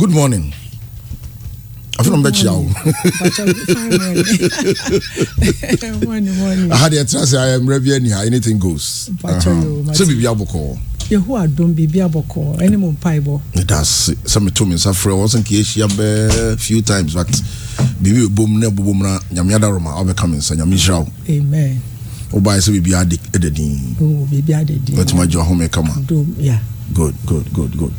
good morning I feel kyia wo aha deɛ tena sɛ ayɛ mmerɛ bi ani ha anything goes uh-huh. So sɛ biribi abɔkɔɔ yehu adom biribi abɔkɔɔ ɛne mu mpaebɔ medase sɛ meto me nsa frɛ wɔ sɛ nka yɛhyia bɛɛ few times but Bibi, biribi ɛbom na ɛbobom no nyame adaroma wobɛka me nsa nyame hyira wo amen wobaɛ Bibi, biribi ada din biribi ada din bɛtumi agye wahome kama good good good good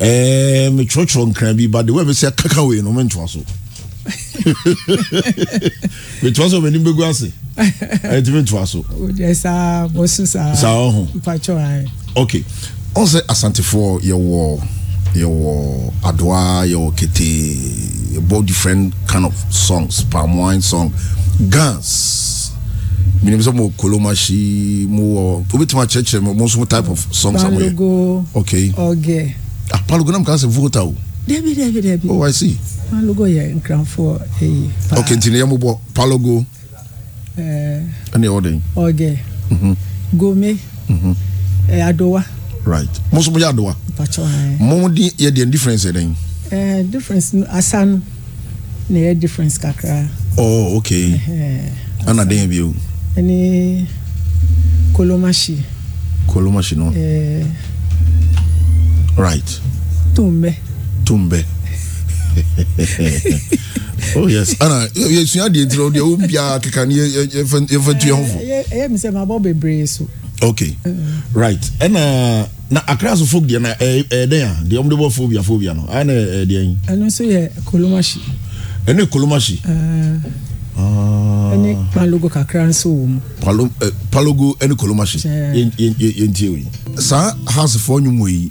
ɛɛ metwerɛtwerɛ nkran bi but the way mesɛ kaka wei no mentoa so metoa so m'anim bɛgu ase ɛnti mentoa so saa ɔho ok ɔn sɛ asantefoɔ yɛwɔ yɛwɔ adoa yɛwɔ kete yɛbɔ different kind of songs palm wine song gans minim sɛ mowɔ kolomahyi mowɔ wobɛtumi akyerɛkyerɛ mu mo nso type of songs amyɛ ok okay palugo nam kan sɛ vota o. dabi dabi dabi. oh i see. palugo yɛ nkranfoɔ eyi. Eh, ok nti ne yɛ mo bɔ palugo. Eh. ɛɛ ɛni ɛwɔ den. ɔgɛ mhm. gome ɛ mhm. eh, adowa. right mo nso mo yɛ adowa. mpatsɔ ɛɛ. mo di yɛ deɛ difference yɛ den. ɛɛ difference asa no na yɛ difference kakra. oh ok ɛna den yɛ bi o. ɛni kolomashi. kolomashi no. ɛɛ. right tumbe tumbe oh yes ana yɛsua deɛ nti no deɛ wo biaa keka ne yɛfa tu yɛ hofo ɛyɛ me sɛ mabɔ bebree so okay mm. right ɛna na akra so folk deɛ na ɛdɛn eh, eh, a deɛ ɔmde bɔ fobia phobia no ayɛ na ɛdeɛn eh, ɛno nso yɛ kolomahye ɛne kolomahye ah. ɛne palogo kakra nso wɔ mu palogo ɛne kolomahye yɛntie wei saa hasefoɔ nwom wɔ yi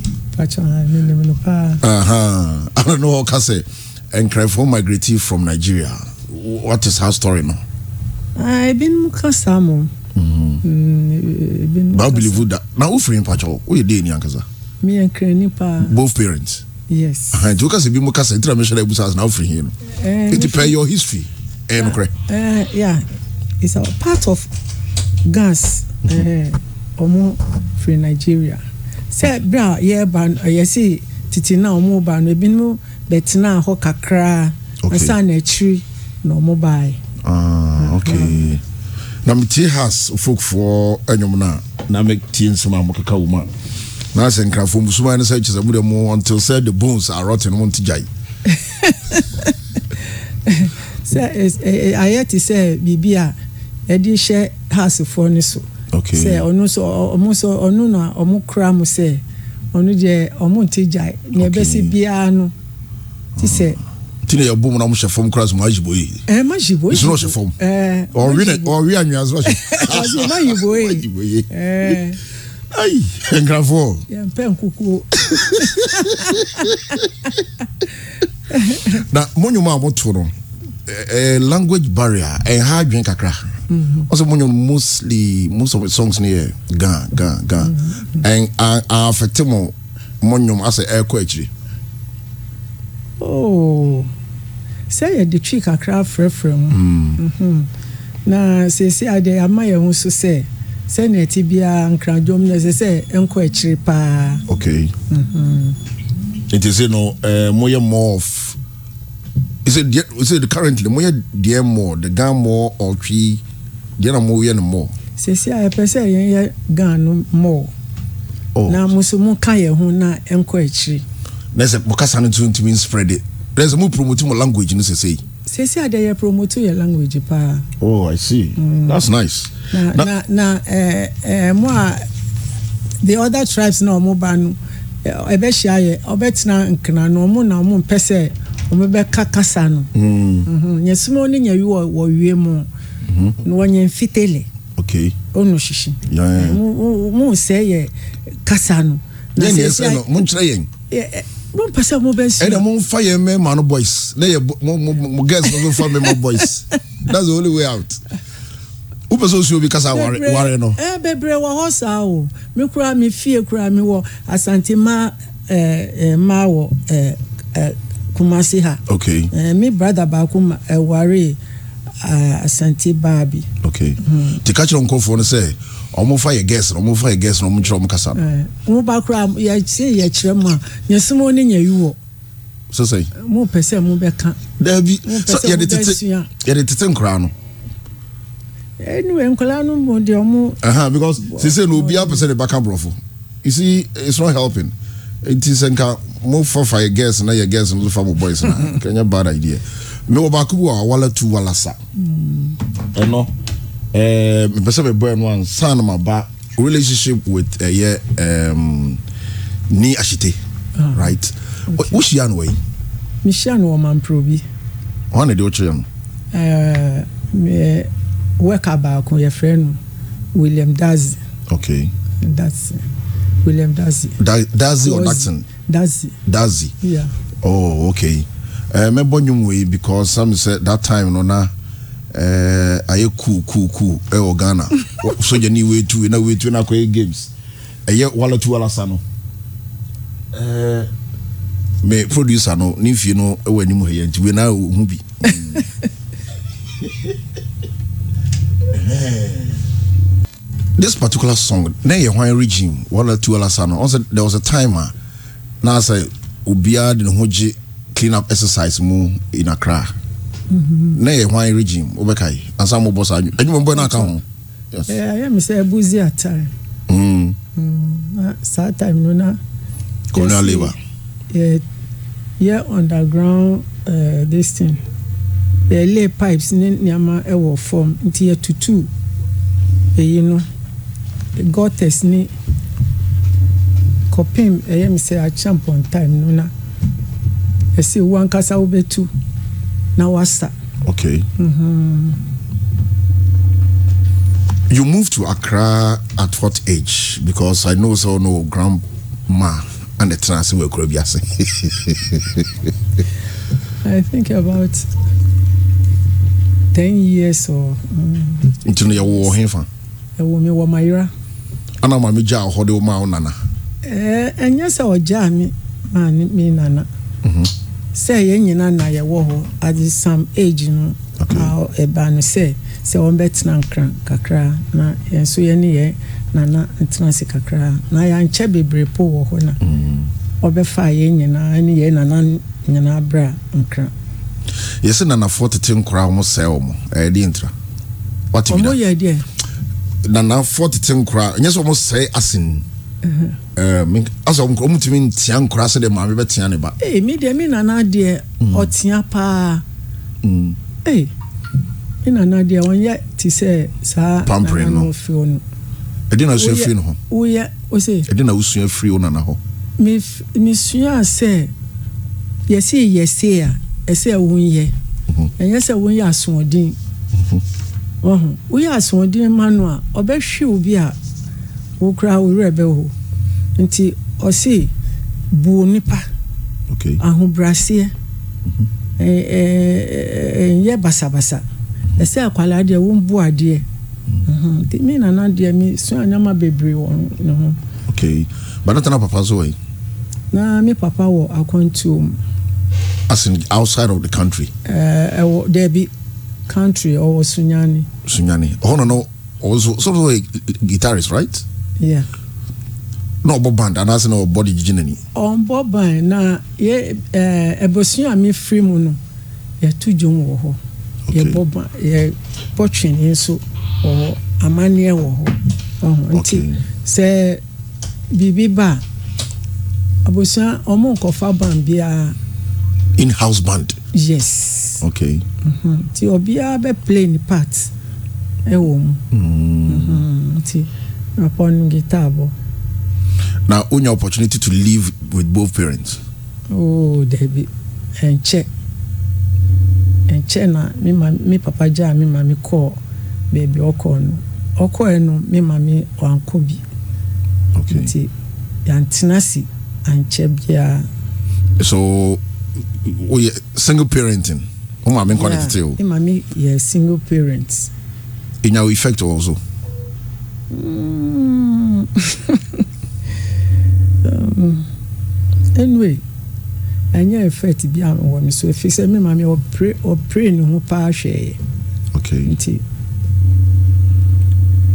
ano na wɔka sɛ nkrɛfoɔ migrate from nigeria what is her story no ah, been ka saa mo babilivu da na Who you woyɛ dɛ ni ankasa meyɛ nkrani paa both parents yes nti woka sɛ bi mu kasa ntira mehyɛ dɛ abusa ase na wofiri hie no It pɛ your history ɛyɛ Uh eh, ah, eh, yeah it's a part of gas ɔmo eh, mm-hmm. uh, free nigeria sɛ berɛ a ba no yɛsi tete na ɔmo ba no ebinom bɛtena hɔ kakra okay. nsa na akyiri na ɔmo Ah, okay. Mm -hmm. na has folkfoɔ anwom no a na metie nsɛm a mokeka wo mu a na sɛ nkrafoɔ musuma no sɛ kyɛ sɛ mudɛ mu until sɛ the bones are rotten mo nte gyae sɛ e, e, ayɛ te sɛ biribi a yɛde hyɛ hasefoɔ no so okay. sɛ ɔno so ɔmo so ɔno na ɔmo kura mo sɛ ɔno deɛ ɔmo nte gya nea ɛbɛsi biara no ti sɛ. ti na yɛ bom na ɔmo hyɛ fam kura so mo ayi bo yi. ɛɛ ma yi yi nsona ɔhyɛ fam. ɔwi na ɔwi anwia so ɔhyɛ. ɔsi ma yi bo yi. ayi nkrafo. yɛn pɛ nkukuo. na mo nyuma a mo to no uh, language barrier ɛha eh, adwene kakra ɔsɛ mm-hmm. monyɛ mostly most of the songs no yɛ ga ga ga ɛn mm-hmm. afɛte mo mɔnwom asɛ ɛkɔ akyiri oh. sɛ yɛde twi kakra frɛfrɛ mu mm. mm-hmm. na seesi adeɛ ama yɛn ho so sɛ sɛnea ɛte biara nkradwom no ɛsɛ sɛ ɛnkɔ akyiri paa okay nti se no moyɛ more of is it is it currently mo yɛ deɛ mɔ the gan mɔ ɔtwi deɛ na mo yɛ no mɔ. sisi a yɛpɛ sɛ yɛn yɛ gan no mɔ. Oh. na mo so mo ka yɛn ho na nkɔ akyiri. na sɛ mo kasa no tun tumi spread it na sɛ mo promote mo language no sese yi. sisi a deɛ yɛ promote yɛ language paa. oh i see mm. that's nice. na na na, na ɛɛ ɛɛ mo a the other tribes na ɔmo ba no ɛbɛhyia yɛ ɔbɛtena nkena no ɔmo na ɔmo mpɛ sɛ wɔn bɛka mm. mm-hmm. mm-hmm. kasa no nyɛ sumaw ne nyɛ wɔ wɔ wie mu na wɔnyɛ mfitele ɔnu sisi mu sɛ yɛ kasa no. yɛn ni ɛsɛ no mun kyerɛ yɛn. mo n pɛsɛ mo bɛ n si. ɛna mo n fa yɛn mɛ maa no boys ne yɛ mo mo mo girls no fa mɛ mo boys that's the only way out o pɛ sɛ o si obi kasa ware no. ɛ eh, bebree wɔ hɔ saa o mi kura mi fie kura mi wɔ asante ma ɛɛ maa wɔ ɛɛ ɛɛ kumasi ha okay. uh, me brother baako uh, ware uh, asante baa bi. okay mm. ti ka kyerɛ nkɔfoɔ no sɛ ɔmo fa yɛ gɛs na ɔmo fa yɛ gɛs na ɔmo kyerɛ ɔmo kasa. Eh, ɔmo ba kura yɛkyerɛ yɛkyerɛ mu a nyɛsɛmɔ ne nyɛ yiwɔ. sɛsɛ. mo pɛ sɛ mo bɛ kan. dabi sɛ yɛde tete yɛde tete nkura no. anyway nkɔla no mo de ɔmo. ɛhan because sise na obi apɛ sɛ de ba ka borɔfo you see it's not helping nti sɛ mo fafa yɛ girls na yɛ girls no fa mo boys na kɛnyɛ bad idea mewɔ baako bi ah, wɔ awala tu wala sa ɛno hmm. eh, mepɛ sɛ mebɔ ɛno ansa na maba relationship with ɛyɛ uh, eh, um, ni ahyete ah, right wohyia no wayi mehyia no wɔ mampro bi ɔa na de wokyerɛ no worker baako yɛfrɛ no william dazi okay dazi William Dazi. Da Dazi or Daxon? Dazi. Dazi. Yeah. Oh, okay. Eh, Mẹ́bọ̀ nyum wei because some said that time no na ayé cool cool cool ẹ wọ Ghana sọjà ni wei tu na wei tu na kọ ẹ games ẹ yẹ tu wala sa no eh. mẹ producer no ní nfi no ẹ wọ ẹni mu ẹyẹ wei na ẹ bi. Eh this particular song na yɛ hwan region wala tu alasa no ɔsɛ there was a time a ah, na asɛ obiara de ne ho gye clean up exercise mu in accra mm-hmm. na yɛ hwan region wobɛka yi ansa mo bɔ saa adwuma mbɔ na aka ho. ɛyɛ mi sɛ ebuzi atare. Mm. Mm, ah, saa time no na. colonial labour. yɛ yɛ underground eh, this thing yɛ eh, lay pipes ne nneɛma ɛwɔ eh, fam nti yɛ tutu eyi no gottes ne kɔpem ɛyɛ me sɛ akyɛ mpɔntae no na ɛsɛ wo ankasa wobɛtu na wasa okay mm -hmm. you moved to accra at what age because i know so no grandma and the trans were krobiase i think about 10 years or nti no yɛwowɔ hefa ɛwɔ me wɔ mayera ana maame gya hɔ de ma wo nana ɛɛ eh, ɛnyɛ sɛ ɔgya mi maame mi nana mhm. sɛ yɛn nyinaa na yɛwɔ hɔ adi sam age no a ɛba no sɛ sɛ wɔn bɛ tena nkran kakra na yɛn so yɛn ni yɛn nana ntena se kakra na yɛankyɛ bebree po wɔ hɔ na mm. ɔbɛfa yɛn nyinaa ne yɛn nana nyinaa bra nkran. yɛsɛ nanafoɔ tete nkora wɔn sɛ wɔn ɛyɛ di ntra. wate bi da wɔn yɛ deɛ. nanafo tete nkora nyɛ sɛ ɔmo sɛe asen eh, asɛ ɔmo ɔmo tumi ntia nkora sɛ deɛ maame bɛ tia ne ba. ee eh, mi deɛ mi nana deɛ mm. ɔtia paa mm. ee eh, mi nana deɛ ɔnyɛ ti sɛ saa pampere no ɛdi na osua firi no ho woyɛ ose ɛdi na osua firi o nana hɔ. mi mi sua sɛ yɛsi yɛsi a ɛsɛ ɛwɔ nyɛ mm-hmm. ɛnyɛ sɛ ɛwɔ nyɛ asoɔden. Mm-hmm ɔho woyɛ asoɔden ma no a ɔbɛhwe wo bi a wo koraa owurɛ bɛwɔ nti ɔse buo nipa okay. ahobraseɛ mhm. ɛyɛ basabasa ɛsɛ akwadaa deɛ wo mbu adeɛ mhm. nti mi nana deɛ mi sua nneɛma bebree wɔ ne ho. okay bana tana papa so wɔ yi. na mi papa wɔ akwantuo mu. as in outside of the country. ɛɛ ɛwɔ dɛbi country ọwọ sunyani. sunyani Oh no no also oh, sort of a guitarist right. yeah. No, ọbọ band And na ọbọ de jíjí nani. ọbọ band na yẹ ẹ ẹbùsùn àmì firi mu no yẹtu dwom wọ hɔ yẹ bọ band yẹ bọ twene nso wɔ hɔ amanneɛ wɔ hɔ ɔhún ba abusua ɔmo kofa band biara. in house band yes okay mhm. Ti obiara bɛ play ne part ɛwɔ e mu nti mm. mhm. rapɔ no guitar bɔ. na wonya opportunity to live with both parents. oh debi ɛnkyɛ ɛnkyɛ na mi ma mi papa gya mi ma mi kɔɔ beebi ɔkɔɔ no ɔkɔɔ no mi ma mi wankɔ bi. okay nti yantena si ankyɛ bia. so woyɛ single parenting wọn maame nkwa ne tete o. maame yɛ single parent. ìyàwó effect wọ so. Anyway, um, anyway effect bi a wɔ mi so efi sɛ mi maame ɔpere ɔpere ne ho paa hwɛɛ. okay nti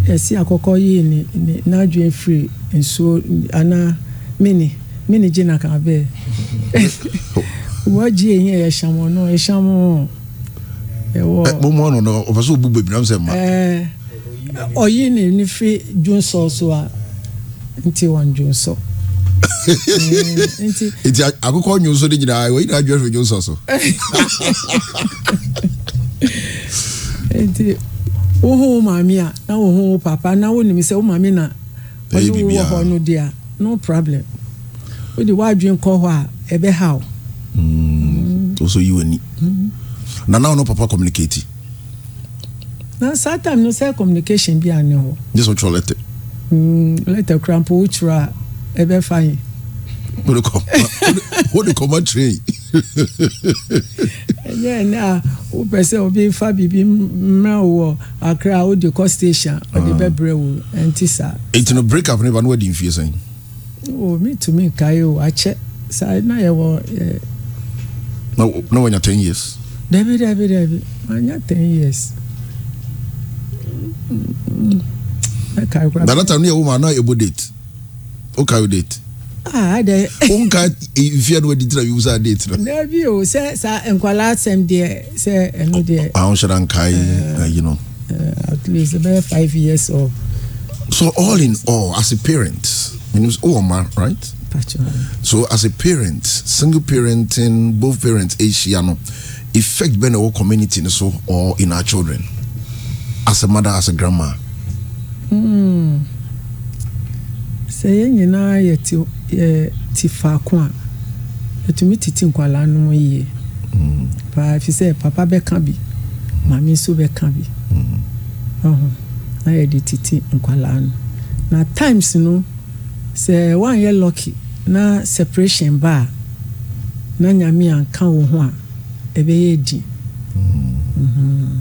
ɛsi akɔkɔ yie ne ne n'adwe efiri nsuo ana mini mini gye na kan bɛɛ. wagye ji eyi yɛhyɛ no ɛwɔ. no ɔfɛ bebree sɛ mma. ɛɛ ɔyi ne nifi so a nti wɔn nti akokɔ de nyinaa wɔyi na adwonsɔ dwonsɔ so. nti wohu wo a na papa na wonim sɛ wo maame na ɔne wowɔ hɔ no deɛ no problem kɔ hɔ a ha o. wosɔ yi w'ani na na ɔno papa communicate. na saa time no sɛ communication bi ani hɔ. n yɛ sɔ twerɛ lɛtɛ. lɛtɛ kura mpo o twerɛ a ɛbɛ fa yin. o de kɔma o de kɔma train. ɛnyɛ ɛnɛ a o pɛ sɛ o bi fa bibi mmerɛ wɔ akra o de kɔ station o de ah. bɛ brɛ wo ɛnti sa. eti no break up ne ba no wa di nfiye sɛn. o mi tumi ka ye o akyɛ saa na yɛ wɔ ɛɛ na na wanya ten years. dabi dabi dabi wanya ten years. dada mm-hmm. ta no yɛ wo ma na ɛbɔ date wokae date Ah, wonka mfia no wadi tira bi wosaa date no dabi o sɛ saa nkwalaa asɛm deɛ sɛ ɛno deɛ ahohyɛda nkae ayi no at least ɛbɛyɛ five years or so all in all as a parent wɔ oh, ma right so as a parent single parenting both parents ahyia no effect bɛ na ɛwɔ community no so or in our children as a mother as a grandma. Mm. sɛ yɛn nyinaa yɛ ti yɛ ti faako a yɛtumi titi nkwalaa no mu yie mm. paa fi sɛ papa bɛka bi maame nso bɛka bi mm. ɔho uh-huh. na yɛde titi nkwalaa no na times no sɛ wɔanyɛ lucky na separation ba a na nyame anka wo ho a ɛbɛyɛ di mm-hmm.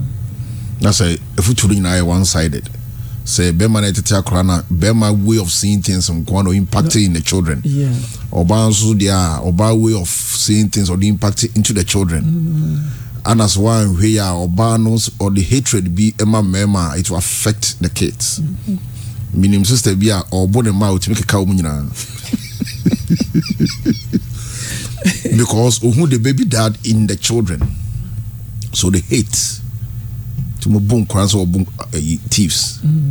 na sɛ ɛfuturo nyinaa yɛ one sided sɛ bɛrima no ɛtete akora no bɛrima way of seeing things nkoa na impacting in the children ɔbaa nso deɛ a ɔbaa way of seeing things ɔde impact into the children mm-hmm. ana sɛ woanhwɛ yi a ɔbaa no ɔde hatred bi ma mmarima a it will affect the kids mm-hmm. Minim sister bi a ɔbɔ ne ma a ɔtumi keka wɔ mu nyinaa because ohun the baby dad in the children so they hate to mo boom, nkora sɛ ɔbu thieves mm.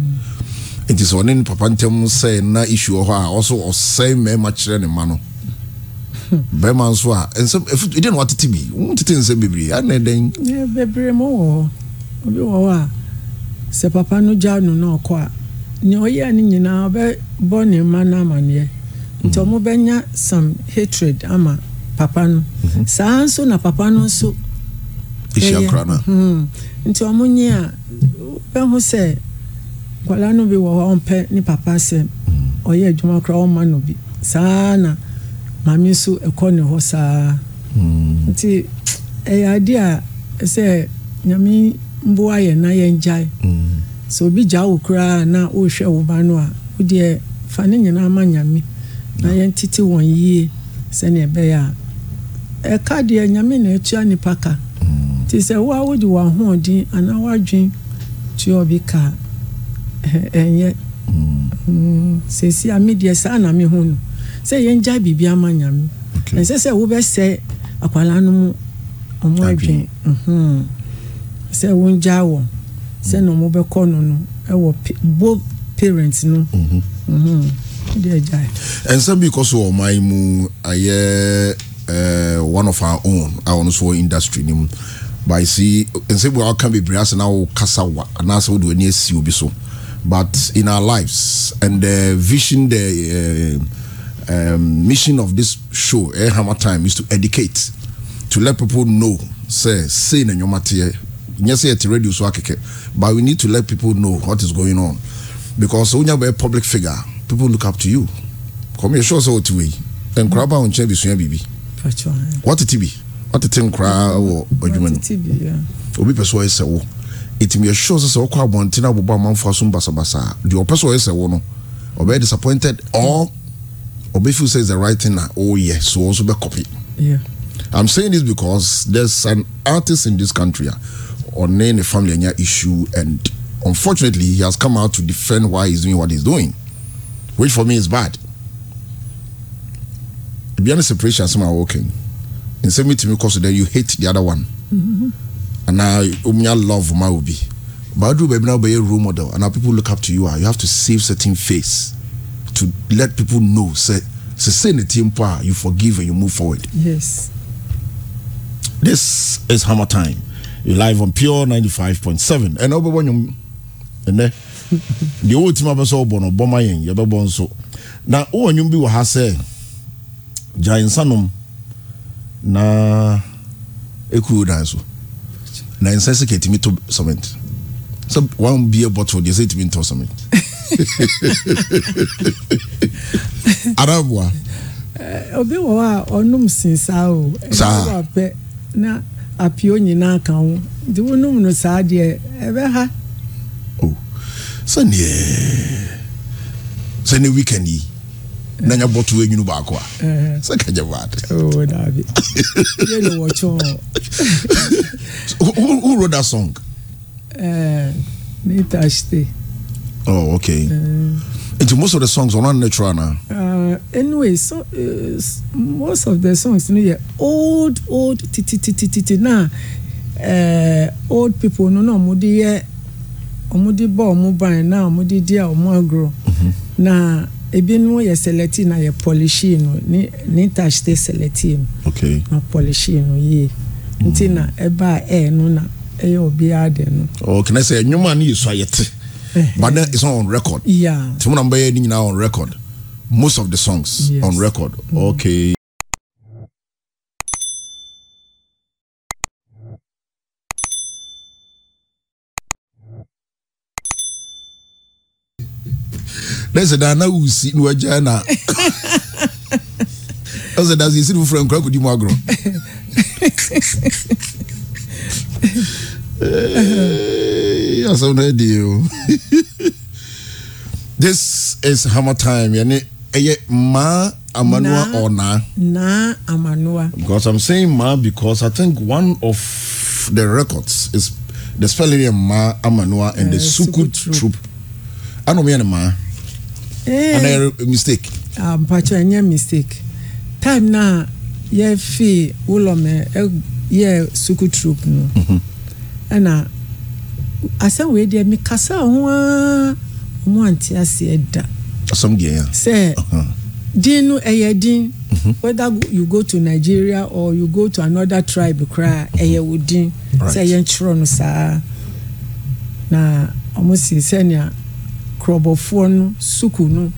It is one in papa ntɛm say na issue wɔ also a ɔso ɔsɛe mmarima kyerɛ ne ma no bɛrima nso a nsɛm ɛdi want to bi wɔn tete nsɛm bebree ana ɛdɛn. bebree mo wɔ hɔ obi wɔ hɔ a sɛ papa no gya no na ɔkɔ a nea ɔyɛ ne nyinaa ɔbɛbɔ ne mma no nti mhm. ɔmo bɛnya some hatred ama papa no mhm. saa nso na papa no nso ɛyɛ hmm. nti ɔmo nye a bɛho sɛ nkwadaa no bi wɔ hɔ ɔmpɛ ne papa asɛm mhm. ɔyɛ adwuma koraa ɔma no bi saa na maame nso ɛkɔ ne hɔ saa nti ɛyɛ adeɛ a ɛsɛ nyame mboa yɛn na yɛn gyae sɛ obi gya wo koraa na wohwɛ wo ba no a wodeɛ fa ne nyinaa ma nyame na yɛntete wɔn yie sɛnea ɛbɛyɛ a ɛka deɛ nyame na atua nipa ka mm. nti sɛ wo a wode w'ahoɔden anaa w'adwen tua obi ka ɛnyɛ sɛsi mm. mm, a medeɛ saa na me ho no sɛ biribi ama nyame ɛnsɛ sɛ no mu ɔmo mhm. sɛ wɔ sɛ na ɔmo no no ɛwɔ no. Mm-hmm. Mhm. And some because so wɔ ɔman mu ayɛ uh, uh, one of our own our own so industry no but i see nsɛm bi a wɔka bebree asɛ na wokasa wa anaasɛ wode w'ani asi obi so but in our lives and the vision the uh, um, mission of this show eh, hammer time is to educate to let people know Say, sei na nnwoma teɛ nyɛ sɛ yɛte radio so akekɛ but we need to let people know what is going on because wonya bɛyɛ public figure people look up to you kɔmi esu ɔsɛ ɔti wei nkura ba nkyɛn bi sua biribi wɔtete bi ɔtete nkura wɔ adwuma no obi pɛ so ɔyɛ sɛ wo etimi esu ɔsɛ sɛ ɔkɔ abɔnten abobɔ amanfo aso basabasa deɛ ɔpɛ so ɔyɛ sɛ wo no ɔbɛyɛ disappointed or ɔbɛfeel sɛ is the right thing na ɔyɛ oh so ɔnso bɛ copy. Yeah. I'm saying this because there's an artist in this country ah, on uh, any family issue and unfortunately he has come out to defend why he's doing what he's doing which for me is bad ebi ano separation asem a working nsɛm mi tumi kɔ so then you hate the other one mm-hmm. ana omuya love ma obi baadu baabi na ɔbɛyɛ role model and now people look up to you ah you have to save certain face to let people know say sese ne ti mpo ah you forgive and you move forward. yes. this is hammer time you live on pure ninety five point seven ɛnna ɔbɛbɔ nyom ɛnɛ. deɛ wɔtumi abɛ sɛ wobɔ no bɔ ma yɛn yɛbɛbɔ nso na wowɔ nwom bi wɔ ha sɛ gyae nsa nom na ɛkuro dan so na nsa sɛ ka ɛtumi to cement sɛ one beer bottle deɛ sɛ ɛtumi ntɔ cement adaboa eh, obi wɔ hɔ a ɔnom sinsaa o Saa. wapɛ na apio nyinaa ka ho nti wonom no saa deɛ ɛbɛha sɛneɛ sɛne weekend yi na nya bɔto enwunu baako a mhm. sɛ kagya baade oh, who wrote that song uh, oh okay uh, nti most of the songs ɔno natural na. Uh, anyway so uh, most of the songs you no know, yɛ old old tititititi na uh, old people no no ɔmo di yɛ ɔmode bɔ ɔmo ban na ɔmode di a ɔmo agorɔ na ebinom yɛ selɛti na yɛ pɔlishi no ne ne tash te selɛti no na pɔlishi no yie nti na ɛbaa ɛɛ no na ɛyɛ obiara de no. ɔ kìnnà sɛ ɛnyɔnmu a ne yɛ ayɛ te eh. but then it's not on record. Yeah. Tí mo na mbɛyɛ ni nyinaa on record most of the songs on record. Mm. Okay. na ɛsɛ na wusi na wagya na ɛsɛ dan sisi no nkura kò mu agorɔ. Eh, asɛm no adie o this is hammer time yɛne ɛyɛ maa amanua na, or na na amanua because i'm saying ma because i think one of the records is the spelling ma amanua and uh, the eh, sukut troop anomiya ne maa. ana mistake ah, mpakyɛ ɛnyɛ mistake time na yɛfi wulɔ mɛ e, yɛ sukuu troop no ɛna mm-hmm. asɛm wei deɛ mikasa ho ara ɔmo ante aseɛ e da asɛm deɛ ya sɛ uh-huh. din no ɛyɛ e din mm-hmm. whether you go to nigeria or you go to another tribe koraa ɛyɛ wo din sɛ yɛn kyerɛ nu saa na ɔmo si sɛnea. kurɔbɔfoɔ no sukuu no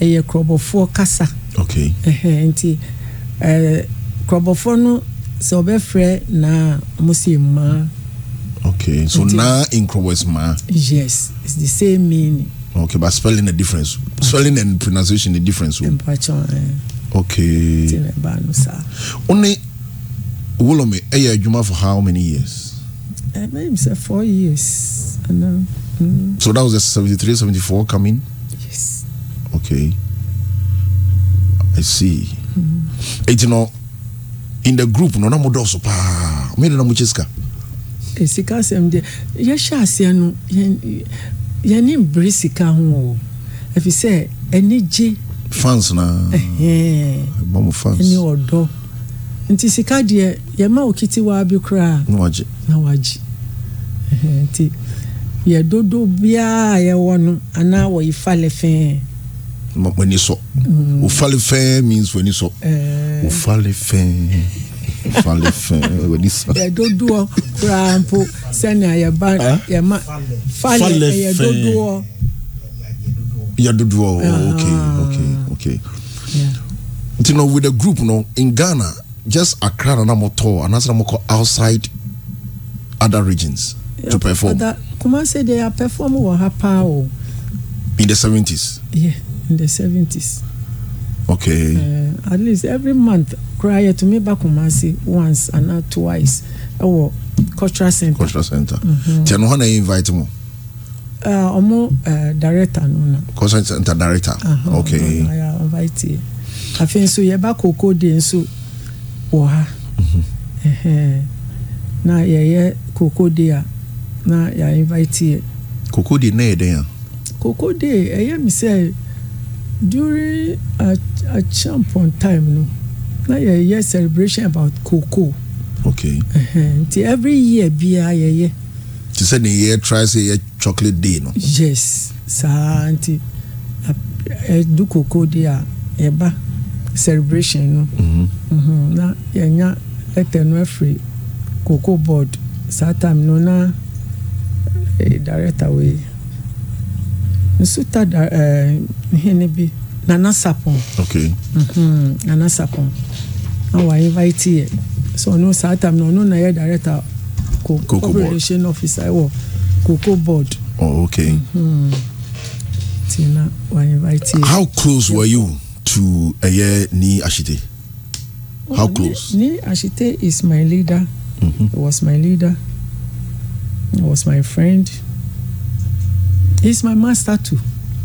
ɛyɛ kurɔbɔfoɔ kasa okay ɛhɛn nti ɛɛ kurɔbɔfoɔ no sɛ ɔbɛfrɛ na ɔmo sɛ mmaa okay so nti, na nkurɔbɔ is mmaa yes it's the same meaning okay but spelling na difference spelling and pronunciation na difference o oh. ɛɛ okay ti na ba no saa ɔne wolomi ɛyɛ adwuma for how many years ɛɛ uh, maybe sɛ four years I know. Mm. So that was the 73, 74 coming? Yes. Okay. I see. Mm. Mm-hmm. It, you know, in the group, no, no, no, no, no, no, no, sika asɛm deɛ yɛhyɛ aseɛ no yɛne mbere sika ho o ɛfiri sɛ ɛne gye fans na ɛbɔmu fans ɛne ɔdɔ nti sika deɛ yɛma okitiwaa bi koraa na wagye na wagye nti yɛ dodo biara yɛwɔ no anaa wɔyi fa lɛ fɛn. wani sɔ mm. o fali fɛn means wani sɔ eh. o fali fɛn o fali fɛn wani sɔ. yɛ dodoɔ koraa mpo sɛnea yɛba ah? yɛma fali yɛ dodoɔ. yɛ dodoɔ ah. okay okay okay. Yeah. You know, with the group no, in Ghana, just Accra and Amotor, and that's outside other regions to perform. Other, Kumasi they are performing wɔ ha paa o. in the seventies. yeah in the seventies. okay. Uh, at least every month koraa to me, ba Kumasi once and ana twice ɛwɔ oh, cultural center. cultural center. tí a nù hɔ na yɛ invite mu. ɔmo uh, uh, director nù na. cultural center director. Uh-huh, okay. ɔmo invite yɛ afei nso yɛ ba koko de nso wɔ ha. Mm-hmm. uh na yɛyɛ koko de a na yà invite yẹ. koko de ne yɛ den a. koko de ɛyɛ mi sɛ during achampon time no na yɛ yɛ celebration about koko. okay. uh -huh. every year biara yɛ yɛ. ti sɛ ne yɛ try say yɛ chocolate day no. yes saa nti ɛdu koko de a ba celebration no. Mm -hmm. Mm -hmm. na yɛnya lɛtɛ no afiri koko board saa time no na director wei nso ta da ɛɛ eh, hene bi nana sapon. okay. Mm-hmm. nana sapon na wa invite yɛ so ɔno saa tam na ɔno na yɛ director ko cocoa board corporation officer ɛwɔ cocoa board. oh okay. Mm-hmm. ti na wa invite yɛ. how close were you to ɛyɛ ni Ashite? how close. ni, ni asite is my leader. Mm-hmm. he was my leader was my friend. He's my master too.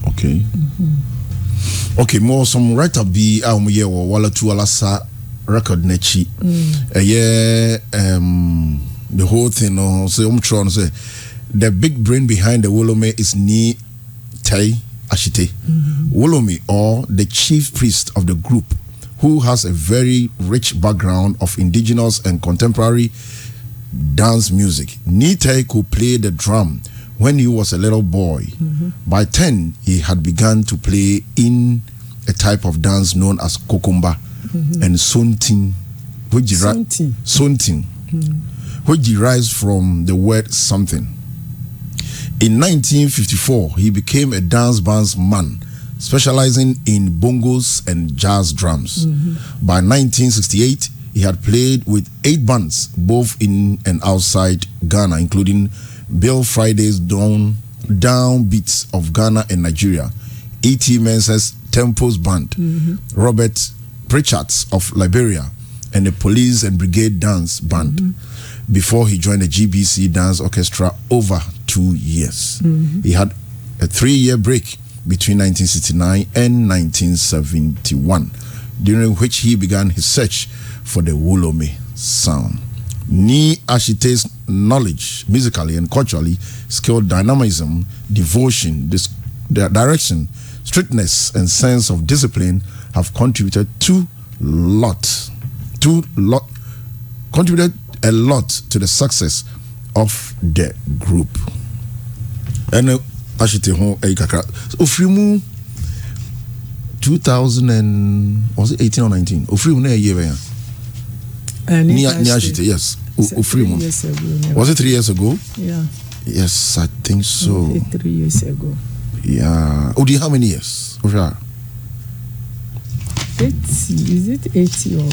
Okay. Mm-hmm. Okay, more some writer be a wɔn um, yɛ wɔ wala tu wala sa record n'akyi. Ɛyɛ mm. Uh, um, the whole thing no sɛ wɔn twerɛ no sɛ the big brain behind the Wolome is ni Tai Ashite. Mm-hmm. Wolome or the chief priest of the group who has a very rich background of indigenous and contemporary dance music. Nitai could play the drum when he was a little boy. Mm-hmm. By 10, he had begun to play in a type of dance known as kokumba mm-hmm. and sontin, which, mm-hmm. which derives from the word something. In 1954, he became a dance band's man, specializing in bongos and jazz drums. Mm-hmm. By 1968, he had played with eight bands, both in and outside Ghana, including Bill Friday's Down, down Beats of Ghana and Nigeria, E.T. Mensah's Temples Band, mm-hmm. Robert Pritchards of Liberia, and the Police and Brigade Dance Band mm-hmm. before he joined the GBC Dance Orchestra over two years. Mm-hmm. He had a three year break between 1969 and 1971, during which he began his search for the Wolome sound. Ni Ashite's knowledge, musically and culturally, skill, dynamism, devotion, dis- direction, strictness, and sense of discipline have contributed to lot, to lot, contributed a lot to the success of the group. ɛne ahyete ho 2000 and was it 18 or 19 ofiri ne Eh, ni ni ajite yes. Ufiri mu. Was it three years ago? Yeah. Yes, I think so. Maybe three years ago. Yeah. Odi, oh, how many years? Osha. Eighty. Is it eighty or?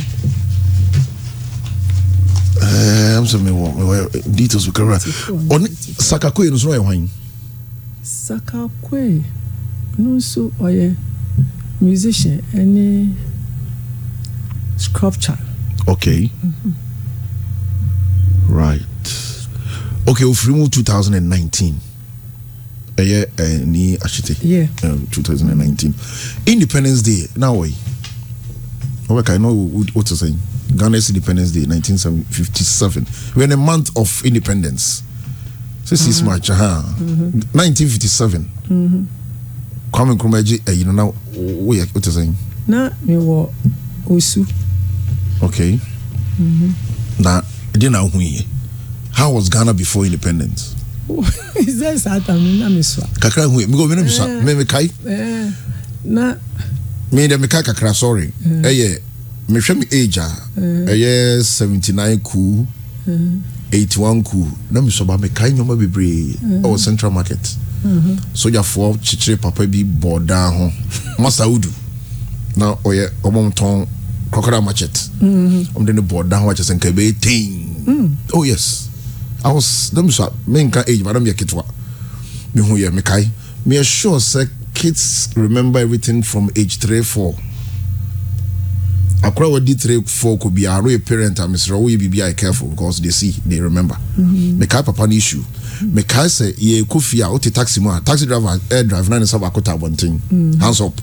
Uh, I'm sorry, me wɔ details bi kara ɔne sakakoe no so ɔyɛ hwan. sakakoe no nso ɔyɛ oh, musician ɛne sculpture okay mm-hmm. right okay ofiri mu 2019 ɛyɛ ɛɛ ni ahyete yeah um, 2019 independence day na wɔyi ɔbɛka ɛna o ti sɛn ghana's independence day 1957 we are in a month of independence sisi mm march ha mm -hmm. 1957 mm -hmm. kwame nkrumah gye ɛyi no na wɔyɛ o ti sɛn. na mi wɔ osu. Okay. Mm-hmm. Na, hmm na didn't know How was Ghana before independence? Is that sad? I mean, I'm sorry. Kakra hui. Migo minu bisa. Me eh, me kai. Eh, na. Me de me kai kakra. Sorry. Eh yeah. Me hwɛ me age a. Eh seventy nine ku. Eh. eighty one ku. Na me so ba me kai nyoma bebree. Ɛwɔ central market. Mm-hmm. Sojafoɔ kyekyere papa bi bɔ daa ho. Masa Udu. Na ɔyɛ ɔmɔntɔn crocodile machete. Mm-hmm. I'm doing the board down, which is in Kebe. Mm. Oh, yes. I was, them so, me nka age, but I'm your kid. Me who yeah, me kai. Me sure. sir, kids remember everything from age three, four. akora wɔ di three four ko bi aro yɛ parent a mesrɛ woyɛ biribi a yɛ careful because they see they remember mm -hmm. mekae papa no issue mekae sɛ yɛkɔ fie a wote taxi mu a taxi driver air drive na ne sɛ baakota abɔnten mm -hmm. hands up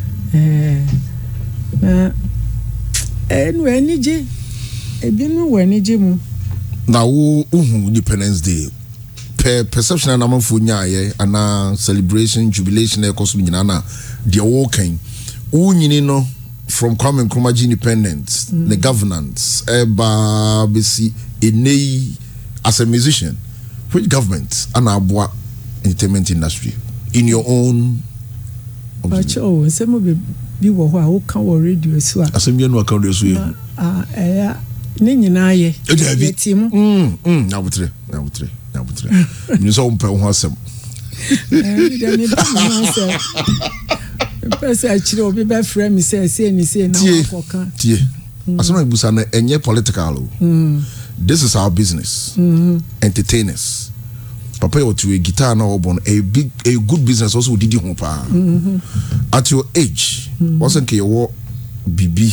na ɛnu anigye ebinom wɔ anigye mu. na wo uhu independence day pɛ perception a n'amanfo nyaayɛ anaa celebration jubilation ɛkɔ so nyinaa na deɛ wɔɔkan wɔnyini no from kwame nkrumahgye independence mm. ne governance ɛbaa bɛsi ene yi as a musician which government ana aboa entertainment industry in your own ɔkyɛ o nsɛm bi wɔ hɔ a woka wɔ radio so a asɛm bi anu aka radio so yɛ ɛyɛ ne nyinaa yɛ yɛ ti mu mm, mm, nyabotere nyabotere nyabotere mene sɛ wompɛ wo ho asɛm eh, mpɛ sɛ akyerɛ obi bɛfrɛ me sɛ sei ne sei na wɔkɔka tie mm. asɛm na busa no ɛnyɛ political o this is our business mm -hmm. entertainers papa yɛ ɔte wɔ guitar na ɔbɔ no a big a good business ɔsɛ ɔdidi ho paa mm-hmm. at your age wɔsɛ nka yɛwɔ bibi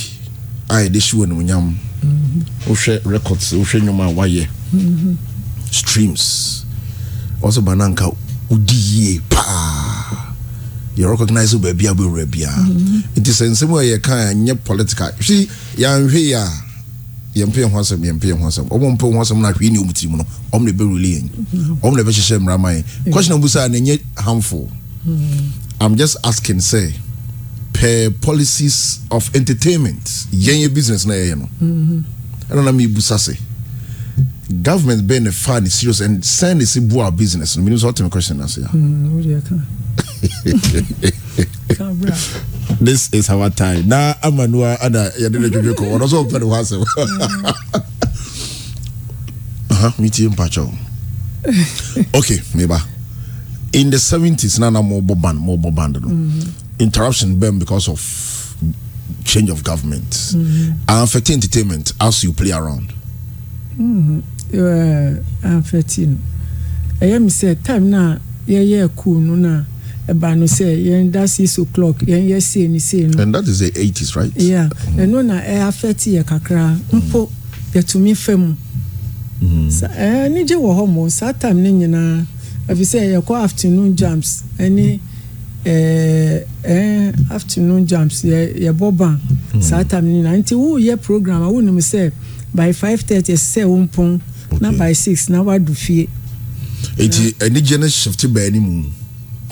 a yɛde si wɔ nimonyam wohwɛ mm-hmm. records wohwɛ nnwoma a wayɛ mm-hmm. streams ɔsɛ ba na nka wodi yie paa yɛ recognize baabi a bɛwura biara nti sɛ nsɛm a yɛka ɛnyɛ political hwi yɛanhwɛ yɛ a yɛmpe ho asɛm yɛmpe ho asɛm ɔmo mpe ho asɛm na hwee ne ɔmo tirim no ɔmo na ɛbɛ rule yɛn mhm. ɔmo na ɛbɛhyehyɛ mmara yɛn kɔhyɛn ɔmo sa na ɛnyɛ harmful mm. i'm just asking say per policies of entertainment yɛn yɛ business na yɛyɛ no mm-hmm. ɛna na mi busa se government bɛyɛ ne fa ne serious and send ne si bu our business no menim sɛ wotemi question ase hmm, a this is our time na amanua ana yɛde no dwodwe kɔ ɔno sɛ wopɛ ne ho asɛm metie mpakyɛw okay meba in the seventies, s na na mobɔ band mobɔ band no mm. interruption bɛm because of change of government mm. and affecting entertainment as you play around mm-hmm. Eh, afɛti no ɛyɛ mi sɛ time na yɛyɛ cool no na ɛba no sɛ yɛn da six o'clock yɛn yɛ sei ni sei no. and that is the eighties right. yeah mm. ɛno na ɛ afɛti yɛ kakra mpo mm. yɛtumi fɛ mu. ɛɛ mm. anigye wɔ hɔ mo saa time ne nyinaa efisɛ yɛkɔ afternoon jams ɛni ɛɛ ɛɛ afternoon jams yɛ yɛbɔ ban saa time ne nyinaa nti wo yɛ program a wo nim sɛ by five thirty sɛ wo mpɔn. okay. na by six na wadu fie. eti anigye ne shift baani mu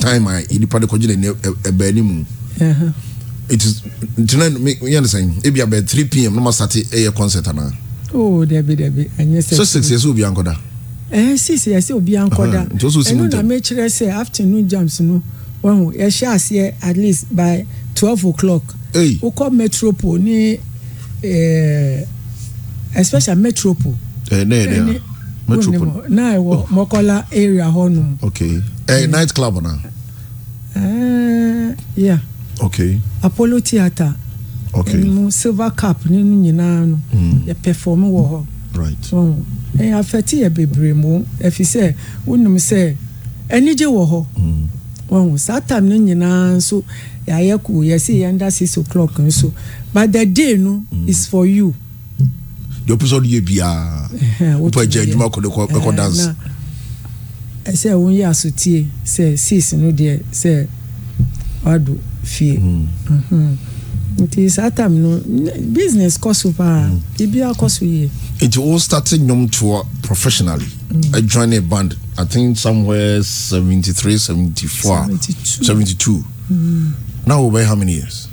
time a nipa de kɔgye ne e, e, baani mu. ntina yɛn de sɛn ebi abɛ three pm na ma sati ɛyɛ concert ana. o oh, dabi dabi anyi sɛ. so six yɛ sɛ obi ankɔda. ɛɛ eh, six yɛ sɛ obi ankɔda ɛnu na mekyerɛ sɛ afternoon jams no wɔn yɛhyɛ e aseɛ at least by twelve o'clock. wokɔ metropole ne eh, ɛɛ especially metropole. ɛnɛɛdea metropol na ɛwɔ mɔkɔla area hɔnom okay ɛyɛ eh, night club na. Eh, ɛɛ yeah. okay apollo theatre okay ɛnu silver cap nínú nyinaa no hmm. yɛ perform wɔ hɔ right ɔn ɛyɛ eh, afɛti yɛ bebree mu ɛfi sɛ sɛ anigye wɔ hɔ ɔn hmm. saa time no nyinaa nso yɛayɛ kuu yɛsi yɛn nda six o'clock nso but the day no hmm. is for you. Mm. deɛ ɔpɛ sɛ ɔde yɛ biara wopɛ gya adwuma kɔde kɔ dance sɛ wonyɛ asotie e, sɛ sis no deɛ sɛ wado fie nti saa tam no business kɔ so paa biribiara mm. kɔ so yie nti wo starte nnwom toɔ professionally ajoin mm. a band i think somewhere seventy three, seventy four, seventy two. Mm. now wobɛyɛ how many years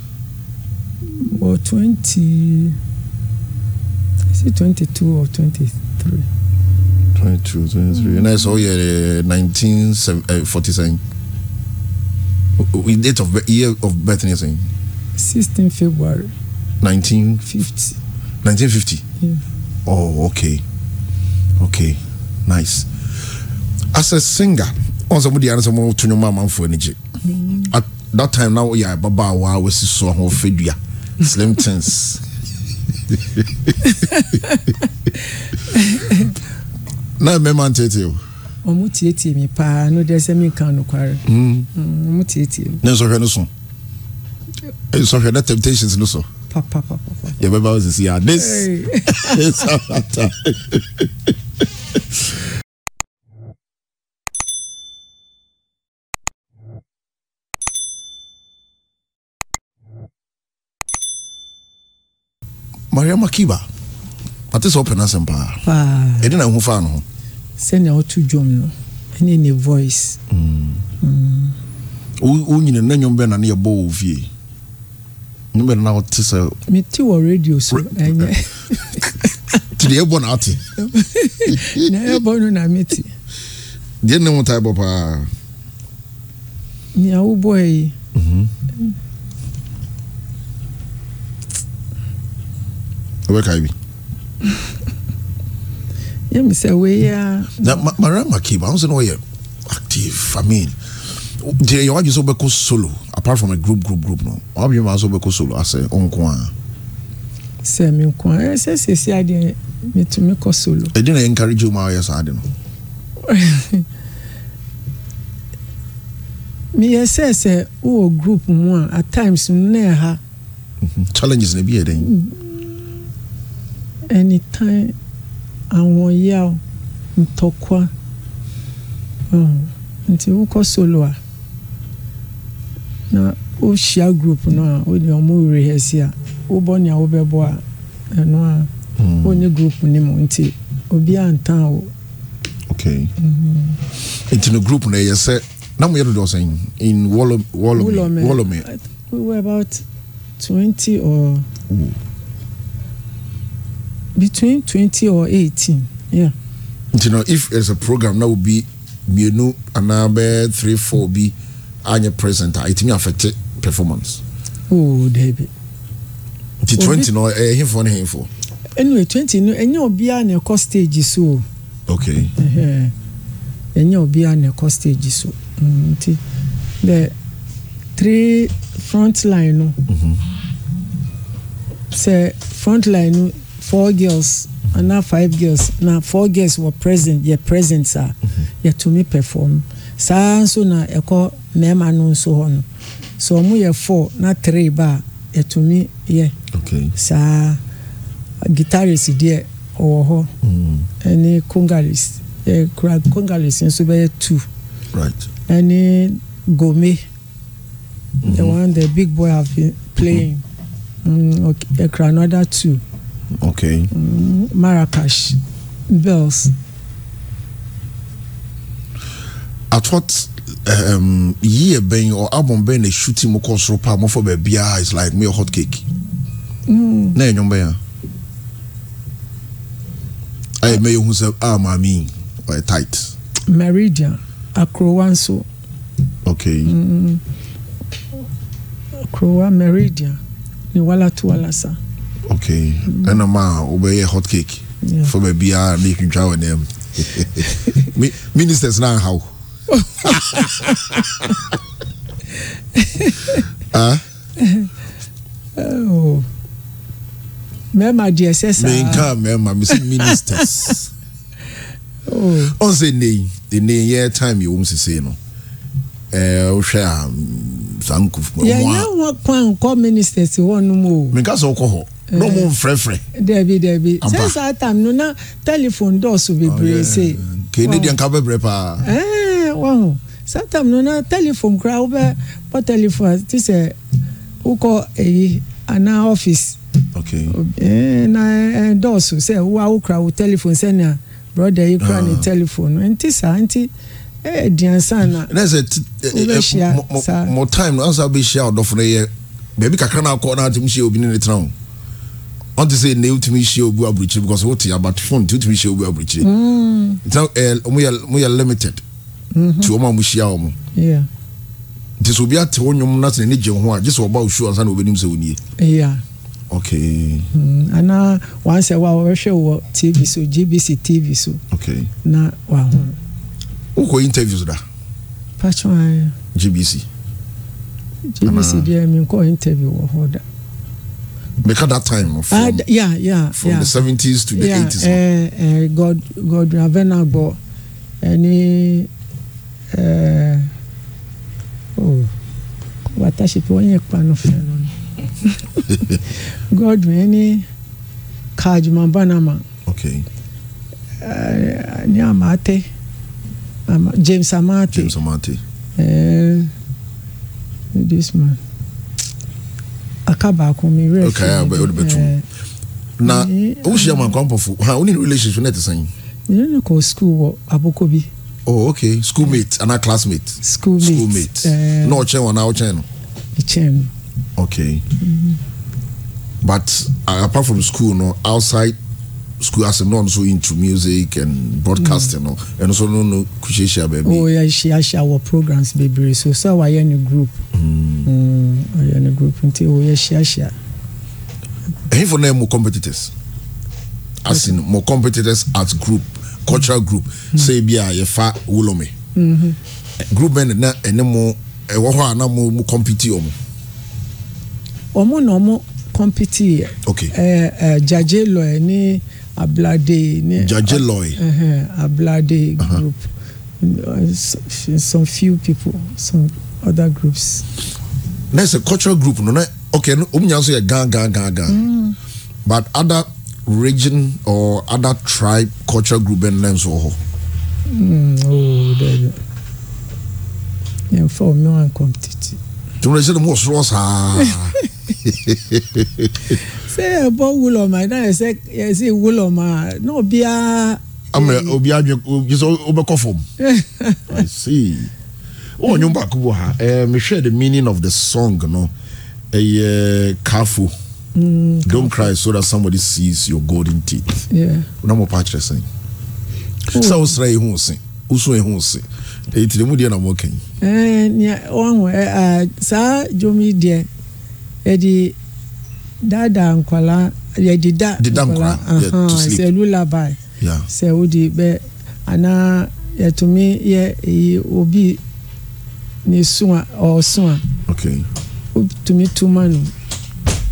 wɔ 20 Twenty-two or twenty-three. Twenty-two, 23? 22, 23. And uh, nineteen uh, forty-seven. With Date of year of birth, you're saying? Sixteen February. Nineteen fifty. Nineteen fifty. Oh, okay. Okay. Nice. As a singer, on somebody and someone going to your mom for energy. Mm. At that time, now, yeah, Baba, I was so on Fedia. Slim Tins na mmarima ntete o. wɔn tietie mi paa no de sɛ mi kan nokware. wɔn hmm. hmm, tietie mi. ne nsɔhwɛ no so nsɔhwɛ e na temptations no so. papapapa. yɛ bɛ bá wa sisi ya this is our time. mariama kiba mate sɛ wopɛ no asɛm paa ɛde na ɛhu faa no ho sɛnea woto dwom no ɛne ne voice mm. Mm. wonyina na nnwom bɛ na ne yɛbɔ wɔ fie nnwom bɛ na wote sɛ mete wɔ radio so ɛnyɛ nti deɛ ɛbɔ na ate na ɛbɔ no na mete deɛ nne wo tae bɔ paa nea wobɔɛ yi mhm. ɛbɛka bi yẹmi sẹ wei ya. na mariam akiba ahun sẹ na ɔyɛ active i mean jẹ yẹ wájú sọ bẹ kó solo apart from a group group group no wàá bí wàá sọ bẹ kó solo asẹ ọ̀nkun a. sẹ mi nkun ẹ sẹ sẹsẹ adiẹ mi tún mi kọ solo. ẹdí na yẹ encourage ọmọ ayẹ sáà di no. mi yẹ sẹ sẹ wọ group mu a at times n nẹ ha. Mm-hmm. challenges na ebi yẹ dẹ anytime anwɔyaw ntɔkwa um, nti wokɔ solo a na wohyia group no a wode ɔmo rehɛsi a wobɔ nea wobɛbɔ a ɛno a wonye hmm. group no mu nti obiaa ntan wo okay mhm. nti no group no ɛyɛ sɛ na moyɛ dodoɔ sɛn in wolome we were about twenty or Ooh between twenty or eighteen. Yeah. you know, if as a program na be, mmienu anaa bɛɛ three four be any present it may affect performance. Oh, dabi. The twenty no ɛyɛ eh, eh, hinfo ne hinfo. anyway twenty no ɛnyɛ obiara na ɛkɔ stage so okay. ɛnyɛ obiara na ɛkɔ stage so mm, nti bɛ three front line no. Mm -hmm. sɛ front line no four girls ana five girls na four girls were present yɛ present to me perform saa nso na ɛkɔ mmarima no nso hɔ no so wɔn yɛ four na three ba a yɛtumi yɛ saa guitarist deɛ ɔwɔ hɔ mm. ɛne congalis yɛ kura congalis nso bɛyɛ two ɛne gome the mm-hmm. one the big boy have been playing mm-hmm. mm, ɛkura mm, another two. Okay. Mm, Marrakesh, bells. At what um, year bɛn or album bɛn na shooting mu kɔ soro paa mɔfɔ baabi a is like me a hot cake. Mm. Na ɛnyɔn bɛn a. Ayɛ mɛ yehu sɛ a maami ɔyɛ tight. Meridian Akrowa nso. Okay. Mm. Mm-hmm. Akrowa Meridian ni wala tu wala sa ok ɛna ma wobɛyɛ hot cake fo baabiaa ne twintwa wɔ nam ministers na anhaw mɛma deɛ sɛ samenka mɛma mesɛ ministers ɔn sɛ nnei nnei yɛ time yɛwom sesei no wohwɛ a saa eh, nkufmu a yɛyɛ wɔ kwa nkɔ ministers hɔ nom o menka sɛ wokɔ hɔ Eh, n'o mu nfrɛfrɛ. dɛbi dɛbi sɛnsa atam no na tɛlifon dɔɔso bebree se. kene deɛ nka bɛbrɛ paa. ɛɛ wɔn satam no na tɛlifon kura wo bɛ bɔ tɛlifon ti sɛ wokɔ eyi ana ɔfis. okay. ɛɛ eh, na ɛɛ dɔɔso sɛ wa wo kura wo tɛlifon sɛnea broda yi kura ne tɛlifon no nti saa nti ɛɛ diansan na. ne sɛ ɛɛ mɔ time na ansa bɛ hyia ɔdɔfo ne yɛ beebi kakra na akɔ na ati mu si obi ne ne tena o ɔnte sɛ ne wotumi hyia obi aburukyiri because wote abat phone ti wotumi hyia obi aburukyiri mm. eh, mm-hmm. nti ɛɛ ɔmo yɛ ɔmo yɛ limited ti ɔmo a mo hyia ɔmo nti sɛ obi ate wɔn nyɔm n'asɛn ne gye ho a gye sɛ ɔba osu ansa na obi nim sɛ onie. okay. Mm, ana wansɛ wa wɔhwɛ wɔ tv so gbc tv so. okay. na wa ho. wokɔ interviews da. patron ayi. gbc. gbc deɛ mi nkɔ interview wɔ hɔ da meka that time ah, from, uh, yeah, yeah, from yeah. the seventies to the yeah, uh, uh, god god ravena gbọ ẹni wàtàṣepẹ wọn yẹn panu fẹnu godwin ẹni kajuma banama okay. uh, ni amate james amate james amate uh, this man aka baako mi rẹ fi ẹ na o si ama nkwa mpɔfo ha o ni relationship ne ti sɛn. ne ne kɔ school wɔ aboko bi. oh okay schoolmate ana classmate. schoolmate schoolmate uh, na ɔkyɛn wɔn na ɔkyɛn no. ɛkyɛn no. okay mm-hmm. but apart from school no outside school as no so into music and broadcasting mm. and also no no kushishia baby oh yeah she she our programs baby so so why any group mm. mm any group until oh yeah she she and for them more competitors as in more competitors at group cultural mm-hmm. group mm. say bia yefa wolome mm-hmm. group band na enemo ɛwɔ hɔ a na mo mo compete ɔmo. Omo na ɔmo compete okay ɛɛ uh, eh, uh, eh, jaje lɔɛ eh, ni ablade ne George Loy uh, huh. ablade uh -huh. group some few people some other groups. na ẹ cultural group no na okay no omu nya nso yẹ gan gan gan gan mm. but other region or other tribe cultural group bẹ nna nso wọ hɔ. Mm, ooo oh, dẹbi yẹn fọ mi wan competitive generation mu ɔsoro saa. sɛ ɛbɔ wulɔma na ɛsɛ ɛsɛ wulɔma na obiara. amina obi adwe obi sɛ ɔbɛkɔ fam. i see wɔn nyɔm baako wɔ ha ɛɛ mehwɛ the meaning of the song no ɛyɛ kafo. Mm, don't cry so that somebody sees your golden teeth. Yeah. Una mo pa kyerɛ sɛn. Sɛ wosra ehu ose, wosu ehu ose nti ne mu deɛ na ɔmo kɛn. ɛɛ ɔmo ɛɛ saa dwom yi deɛ yɛde daadaa nkwadaa yɛde da nkwadaa ahan sɛ lulabai sɛ wodi bɛ ana yɛtumi yɛ eyi obi ne sun a ɔɔsun a. okay. wotumi tuma no.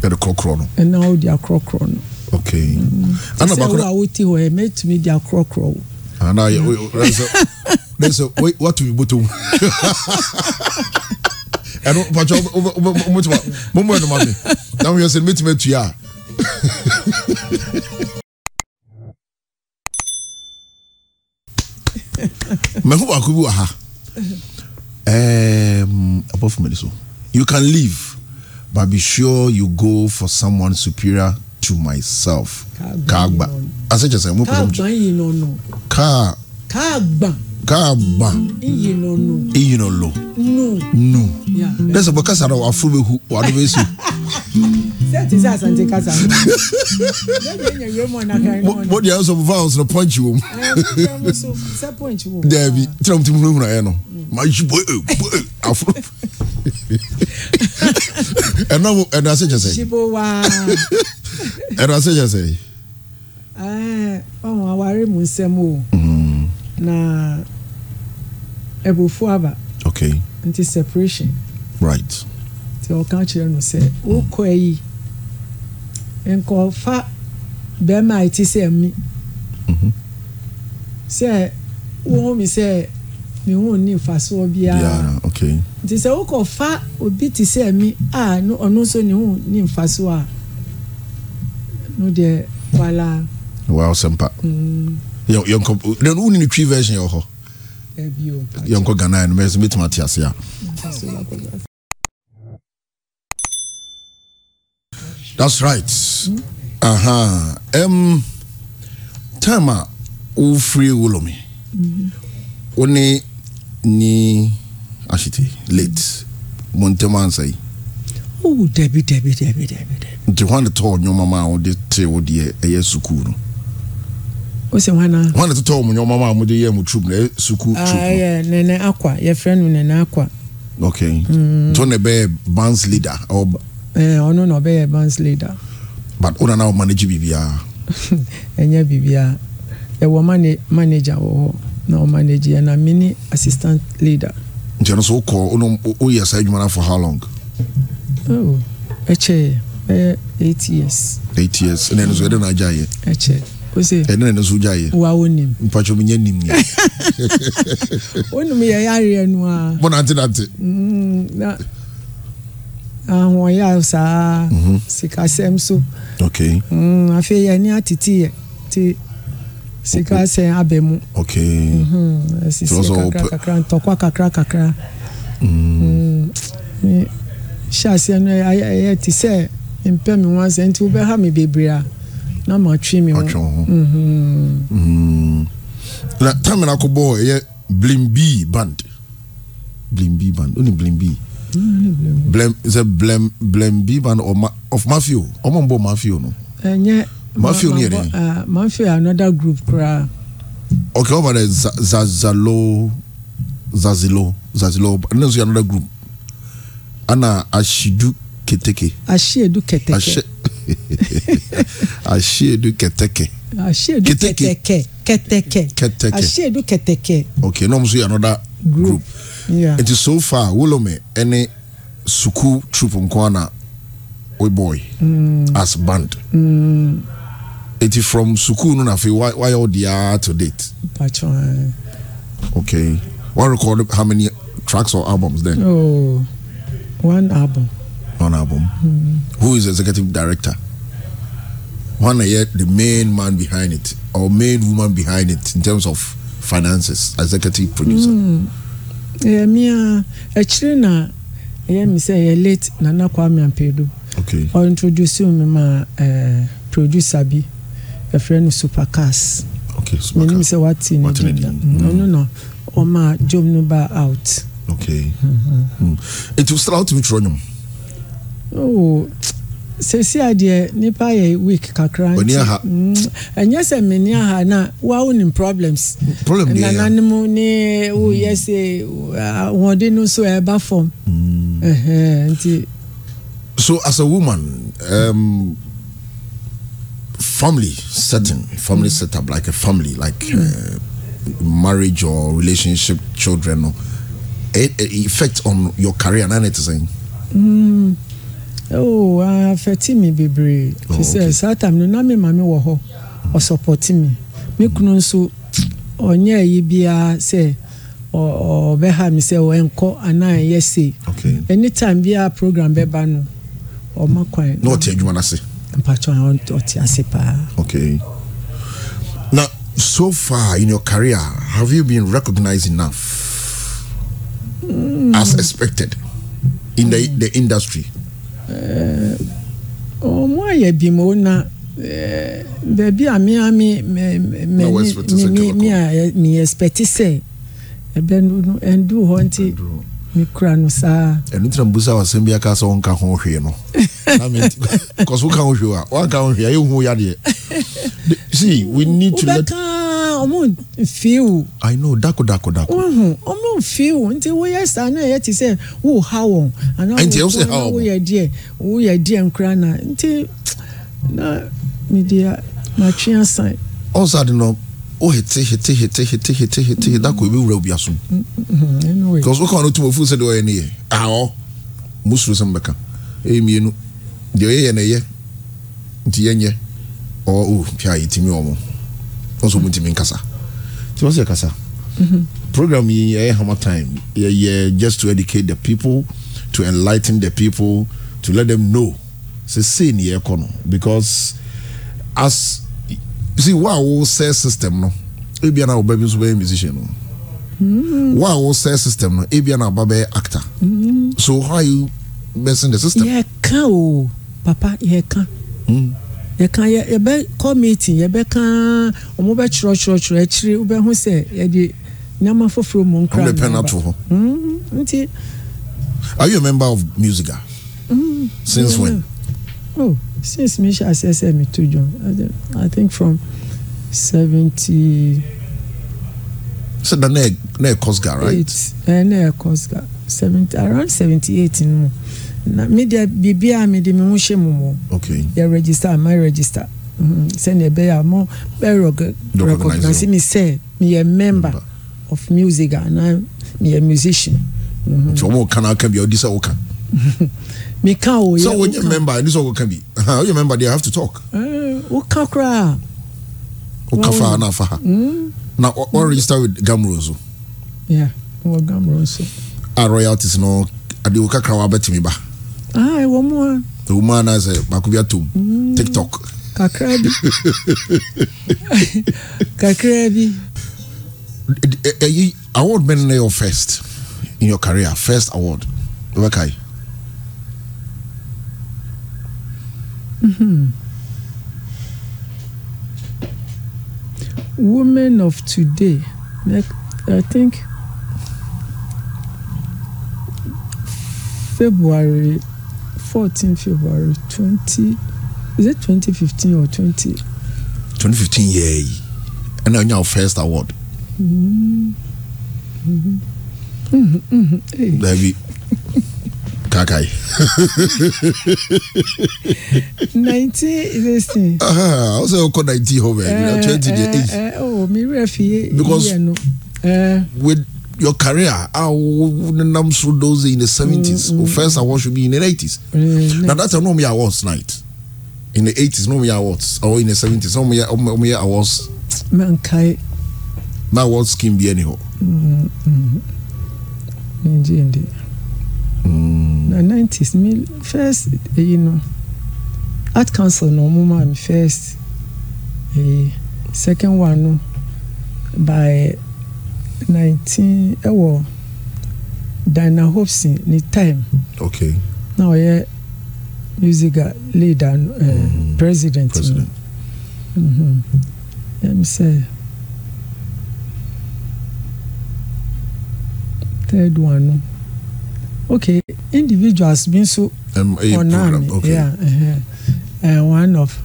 ɛde korɔkorɔ no. ɛna wodi akorɔkorɔ no. okay. Mm. ana bakora sɛ wo a woti hɔ yɛ mɛtumi di akorɔkorɔ wo ana yɛ rɛsɛ rɛsɛ watu yi bɔtɔ mu ɛnu pàtó mo tí ma mo mú ɛnu ma mi dáhùn yɛ sɛ mi tí ma tu yà. mɛko baako bi wɔ ha apart from mi you can leave but be sure you go for someone superior to myself. kaagba. Asekyesa mu pese mu. Kaagban yi nọ nọ. Kaa. Kaagban gaba iyinolo nu nu sɛ bɔ kasa na waforo bɛ hu wado bɛ su. sẹ́ẹ̀tì sẹ́ àsante kasa mi mo di aso mo fa awo sọ pọ́ǹchì wò mu. dẹ́ẹ̀bi tí wọ́n ti múlò múlò ẹ̀ nọ màá yí bọ́ ẹ̀ bọ́ ẹ̀ àfúrò mo ẹ̀nà ase jẹ sẹ́yìn. ṣibo wa. ẹ̀nà ase jẹ sẹ́yìn. ọ̀hún àwárí mú o. Hmm na ɛbofo aba okay nti separation right nti ɔka kyerɛ no sɛ wokɔ ayi nkɔfa bɛrima a ɛte sɛ mi mm-hmm. sɛ wɔn mi sɛ mi ho ni nfasoɔ biara nti sɛ wokɔfa obi te sɛ mi a ɔno nso ne ho ni nfasoɔ a no deɛ wala. wa ɔsɛmpa. Mm yɛnkɔ then wo nini twi version yɛwɔ hɔ yɛnkɔ ghana no mɛsɛ mɛtumi ate ase a that's right mm. aha um, time a wofiri wolomi mm-hmm. wo ne ni ahyete late mo ntɛm ansa yi dabi dabi dabi dabi nti hwan de tɔɔ nnwoma ma a wode tee wo ɛyɛ eh, eh, sukuu no ose Nwa hwana totɔ wɔn nyɔma ma a wɔde yɛ mu troop na ɛyɛ suku troop nene akwa yɛfrɛ no nene akwa okay mm. nto na ɛbɛyɛ leader ọ bụ ọnụ na ɔbɛyɛ bands leader but ɔna na ɔmanage biribiara ɛnyɛ biribiara ɛwɔ mane manager wɔ hɔ na ɔmanage ya na mini assistant leader for long oh, eight years eight years ose ɛne ne nso gyaeɛ wa wonim mpatwɛ menyɛ nim yɛ wonim yɛ yareɛ no a bonante nante na ahoɔyɛ saa sikasɛm so okay mm, afei yɛne ateteyɛ nti sikasɛm abɛ mu okay ɛsisiɛ kakra kakra ntɔkwa kakra kakra hyɛ aseɛ no ɛyɛ te sɛ mpɛ me ho asɛ nti wobɛha me bebree a na ma twi mi ho mhm. mm-hmm. na time na akɔbɔ ɛyɛ blimbi band blimbi band o ni blimbi mm, blem sɛ blem blimbi band ɔma of mafio ɔmo n bɔ mafio no ɛnyɛ mafio ni yɛrɛ uh, mafio another group koraa. okay over there zazalo zazilo zazilo ne nso yɛ another group ana ashidu keteke. ashidu keteke. Asiedu Keteke. Asiedu Keteke. Keteke. Keteke. Asiedu Keteke. Okay, no, so another group. group. Yeah. It is so far, Wolome, any Suku troop Nkwana, we boy, mm. as band. Mm. It is from Suku Nunafi, why, why all the are to date? Patron. Okay. one record how many tracks or albums then? Oh, one album. Honorable, mm. who is executive director. One yet the main man behind it or main woman behind it in terms of finances, executive producer. Mm. Yeah, me a uh, actually na yeah me say yeah, late Nana Kwame Ampedu. Okay. Or introduce you me ma uh, producer bi a friend of Supercars. Okay, Supercars. Me say what in No no hmm. no. Oma job number out. Okay. Mm-hmm. Mm. It will start out with Ronyum oh sesi adeɛ nipa yɛ week kakra nti ɛnyɛ sɛ mini aha na wawo ni problems problem deɛ nananom mm. ne woyɛ sɛ ahoɔden no so ɛba e fam mm. nti. so as a woman um, family setting family mm. setup like a family like mm. uh, marriage or relationship children no it, it effect on your career na ne ti sɛn oh afɛti mi bebree fi sɛ saa tam no na mi maame wɔ hɔ ɔsɔpɔti mi mi kunu nso ɔnyɛ ɛyi biara sɛ ɔbɛha mi sɛ ɔnkɔ anaa ɛyɛ se anytime biara program bɛba no ɔma kwan. na ɔte adwuma n'ase. mpatsɔ ɔte ase paa. okay na so far in your career have you been recognized enough. Mm. as expected in the, the industry ɔmo eh, ayɛ bi mo na beebi a mi mi mi mi mi a mi ɛspɛti sɛ ɛbɛ no ɛndu hɔ nti mi kura no saa. ɛnu tí na mbu sa wasɛm bi aka sɛ ɔnka ho hwee no kɔsu ka ho hwee wa ɔnka ho hwee a ehu ya deɛ see we need to let ɔmo nfiw. i know dako dako dako. ɔmo uh-huh. nfiw nti woyɛ saa na yɛ ti sɛ wo ha wɔn ana wo kora wo yɛ deɛ wo yɛ deɛ nkora na nti na mi di a ma twi asan. ɔnsa de no o hete hete hete hete hete hete hete dako ebi wura obi aso. because o kàn án o tún o fún sẹ de ɔyɛ ne yɛ awɔ musoro sɛ mo bɛ ka eyi mienu deɛ ɔyɛ yɛ na yɛ nti yɛ nyɛ ɔɔ o pia yɛ ti mi wɔn nso mu ntumi nkasa tí wọ́n sẹ́ kasa program yìí ẹ̀ yẹ time yẹ yẹ just to educate the people to enligh ten the people to let them know sese ni yẹ kọ no because as see wo a wo sell system no ebi ana ọba bi nso bẹyẹ musician no wo a wo sell system no ebi ana ọba bẹyẹ actor so how you messing the system. yẹ kan o papa yẹ kan. Mm yɛka yɛbɛ kɔ meeting yɛbɛka ɔmo bɛ kyerɛkyerɛkyerɛ akyire wobɛho sɛ yɛde nneɛma foforɔ mu nkra naba nti. are you a member of musica. Mm, mm-hmm. since yeah. when. oh since me ṣe asẹsẹ mi to join i think from seventy. So da na ne na ɛ cosga right. eight ɛ na ɛ cosga seventy around seventy eight ni na media biribi a mede mm-hmm. me ho hyɛ mu mu yɛ register ama register sɛnea ɛbɛyɛ a mo bɛrecognise me sɛ meyɛ member of music anaa meyɛ musician nti mm-hmm. ɔmo kan aka bi a ɔdi sɛ ɔka meka o yɛ ɔka sɛ wɔnyɛ member ɛdi sɛ ɔka bi ɔyɛ member they have to talk ɔka eh, koraa ɔka fa na fa ha mm. na ɔn register with gamro nso yeah ɔwɔ gamro nso a royalties no ade o kakra wa abɛtumi ba ah ɛwɔ mu a ɛwɔ mu a na sɛ baako bi atom mm. tiktok kakra bi kakra bi ɛyi award bɛn na yɛ first in your career first award ɛbɛkae Mm-hmm. Women of today, I think February fourteen february twenty is it twenty fifteen or twenty. twenty fifteen yẹ yi ẹna o nya o first award. dabi mm-hmm. mm-hmm. kakai. nineteen listen. ọ sọ ọkọ nineteen home ẹ twenty de eh, eight. Eh, eh, ẹ ẹ o oh, mi rẹ fi iye nu. because with your career awo so those in the seventies. s mm, mm. first award should be in the eighties. s mm, mm-hmm. now that's a normal awards night in the 80s normal awards or in the seventies? 70s normal awards mankai na award scheme be anyhow mm, mm. indeed indeed mm. na 90s me first eh, you know art council na ọmụ ma mi first eh, second one no by nineteen ɛwɔ Diana Hobson ni time okay. na ɔyɛ musica leader uh, mm. Mm-hmm. president no ɛm sɛ third one no okay individuals bi nso ɔnaami yeah uh -huh. uh, one of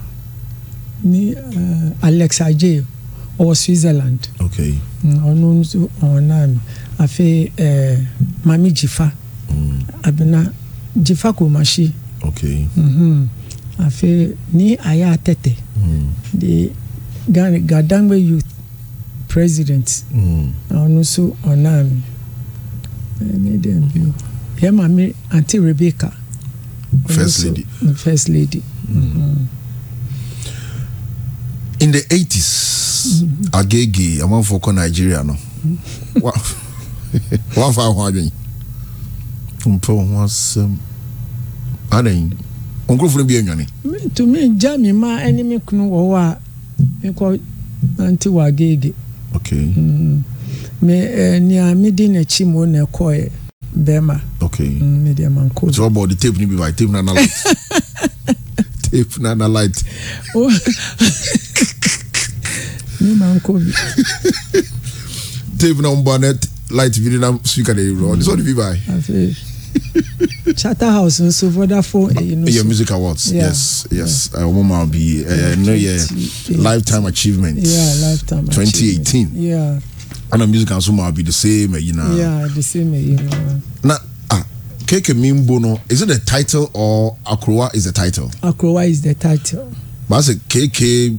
ni uh, Alexa Ajayi ɔwɔ switzerland ɔno nso ɔnaa no afei ɛɛ maame jifa mm. abena jifa komahyi afei ni aya atɛtɛ de mm. ghana gadangbe youth president ɔno nso ɔnaa no ɛne dɛm bio yɛ maame aunty rebecca first lady first mm. lady. Mm-hmm. in the eighties. Lagos Agege amanfo kɔ Nigeria no wafa ho adwene mpɛ wo ho asɛm adan nkurɔfoɔ no bi anwane tumi ngya me ma ɛne me kunu wɔ hɔ a mekɔ nante wɔ Agege okay mm. me eh, nea medi n'akyi mu na ɛkɔɛ e, bɛrima okay mm, me deɛ manko nti wɔbɔ de tape no bi ba tape no ana tape no ana mi ma n kọ bi. tape náà ń bọ light video náà speaker de rọ ọdún sọdún bíbá yìí. Charterhouse nso Vodafone eyi eh, no so. music awards. Yes, yes. Ọmọ maa bi no yẹ lifetime achievement. Yeah, lifetime achievement. Twenty eighteen. Yeah. Ana music nso maa bi the same eyi eh, na. Yeah, the same eyi eh, na. Na ah Keke Mimbo no is it the title or Akrowa is the title? Akrowa is the title. Baasi Keke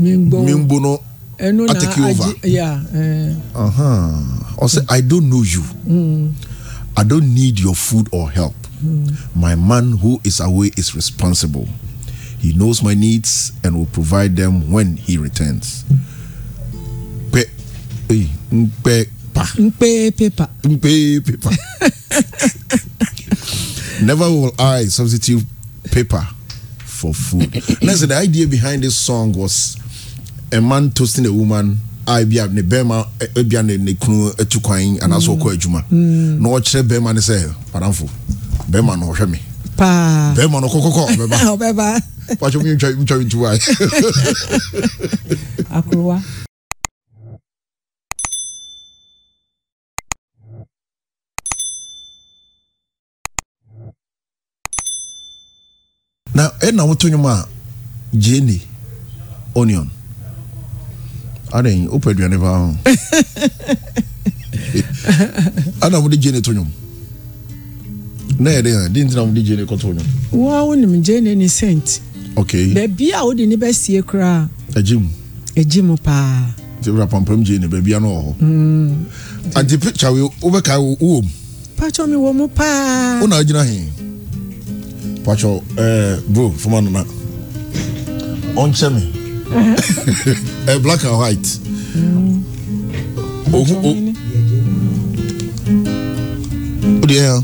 Mimbo Mimbo no ɛnu na agye yeah. Uh -huh. ɔsɛ i don't know you mm. i don't need your food or help mm. my man who is away is responsible he knows my needs and will provide them when he returns. pɛ ee eh, npɛ pa. npɛ pepa. npɛ pepa. never will I substitute paper for food. Now, so the idea behind this song was a man toasting a woman a bia ne bɛrima bia ne ne kunu eh, mm. mm. kwan eh, na ɔkyerɛ bɛrima no sɛ madamfo bɛrima no ɔhwɛ me bɛrima no kɔkɔkɔ ɔbɛba wakyɛ mentwa mentwa ntu wa na ɛna a onion adan wopɛ aduane paa ho ana mode gye ne to nwom na yɛ dɛn de ntina mode gye ne kɔto nwom woa wonim gye ne ne sent okay baabi a wode ne bɛsie koraa agye mu agye mu paa nti wura pampam gye ne baabi a no wɔ hɔ mm. anti picture we wobɛkae wowɔ mu pakyɛ me wɔ mu paa wona agyina he pakyɛ eh, bro foma nona ɔnkyɛ me ẹ eh, black and white. ohun o o de yẹn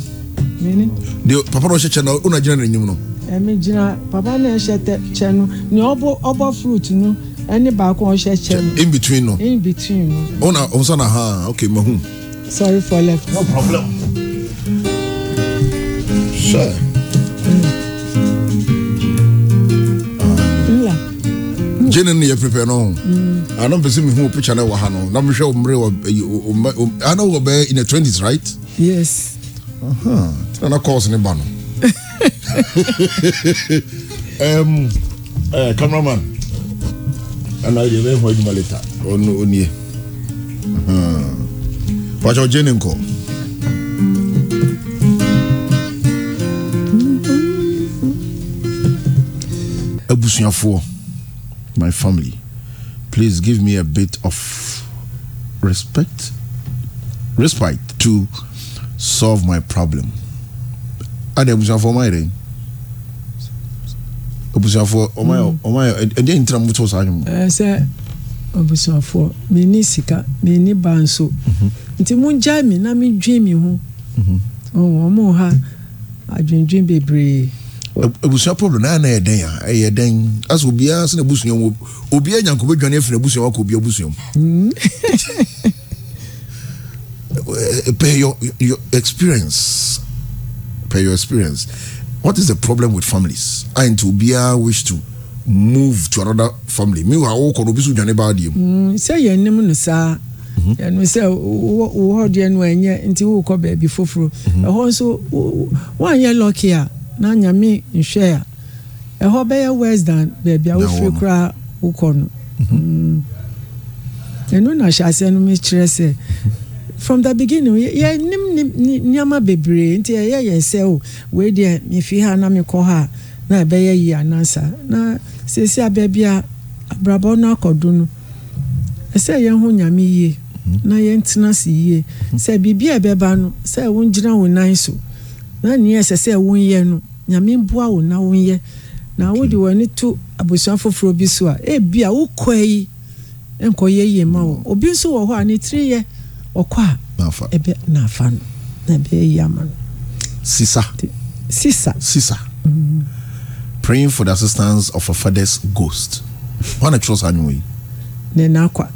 de papa náà ṣẹṣẹ náà ó na gyina n'anim no. ẹmi gyina papa náà ṣe tẹ kyẹ no ní ọbọ ọbọ fruit no ẹni baako ọṣẹ kyẹ no. in between no. in between no. ọ̀nà ọ̀nsa na ha Okay, mahun. sorry for left. no problem. sure. gyene ne yɛ prepare no mm. ana mpɛ sɛ mehu picture no ɛwɔ ha no na mehwɛ mmerɛ ana wɔ bɛɛ in the 20s right yes tena na course ne ba no um, uh, cameraman ana deɛ bɛhu adwuma later ɔno ɔnie pakyɛ ɔgye ne nkɔ mm-hmm. abusuafoɔ my family. Please give me a bit of respect, respite to solve my problem. Ade abusuafo ọmọ yẹrẹ abusuafo ọmọ yẹrẹ ọmọ yẹrẹ ẹdí ẹni tí mo tó sáà mu. Ẹ sẹ́ abusuafo mi ní sika mi ní ba nso mhm. nti mo gya mi na mi dwi mi ho ọmọ mhm. ha adwendwen bebree abusua problem na na yɛ den a ɛyɛ den asɛ obiara sɛ n'abusua mu obiara nyankopɔ dwane afiri n'abusua mu akɔ obi abusua mu hmm. eh, eh, per your your experience per your experience what is the problem with families and obiara wish to move to another family mi wa awo kɔ no obi so dwane ba adiɛ mu. Hmm, sɛ yɛn nim no saa mhm. ɛnu sɛ wɔ hɔ deɛ no ɛnyɛ nti wokɔ baabi foforɔ mhm. ɛhɔ nso wɔanyɛ lɔki a. na nyame nhwɛ a ɛhɔ bɛyɛ worse than baabi a wofiri koraa wokɔ no mhm. mm. ɛno na hyɛ aseɛ no mekyerɛ sɛ from the beginning yɛnim nneɛma bebree nti ɛyɛ yɛ sɛ o oh, wei deɛ mefi ha na mekɔ ha na ɛbɛyɛ yi anansa na seesi a baabi a abrabɔ no akɔdo no ɛsɛ yɛho nyame yie mhm. na yɛntena se yie mhm. sɛ biribi a ɛbɛba no sɛ wongyina wo nan so bɛni ɛsɛ sɛ wonyɛ no nyame boa wo na wonyɛ na wode w'ani to abusua foforɔ bi so a ebi a wokɔ yi nkɔyɛ yie ma wɔ obi nso wɔ hɔ a ne tiri yɛ ɔkɔ a ɛbɛ n'afa no na ɛbɛ yɛ ama no. sisa sisa sisa mm. praying for the assistance of a father's ghost wọn na kyerɛ saa anwuma yi. ne n'akwa.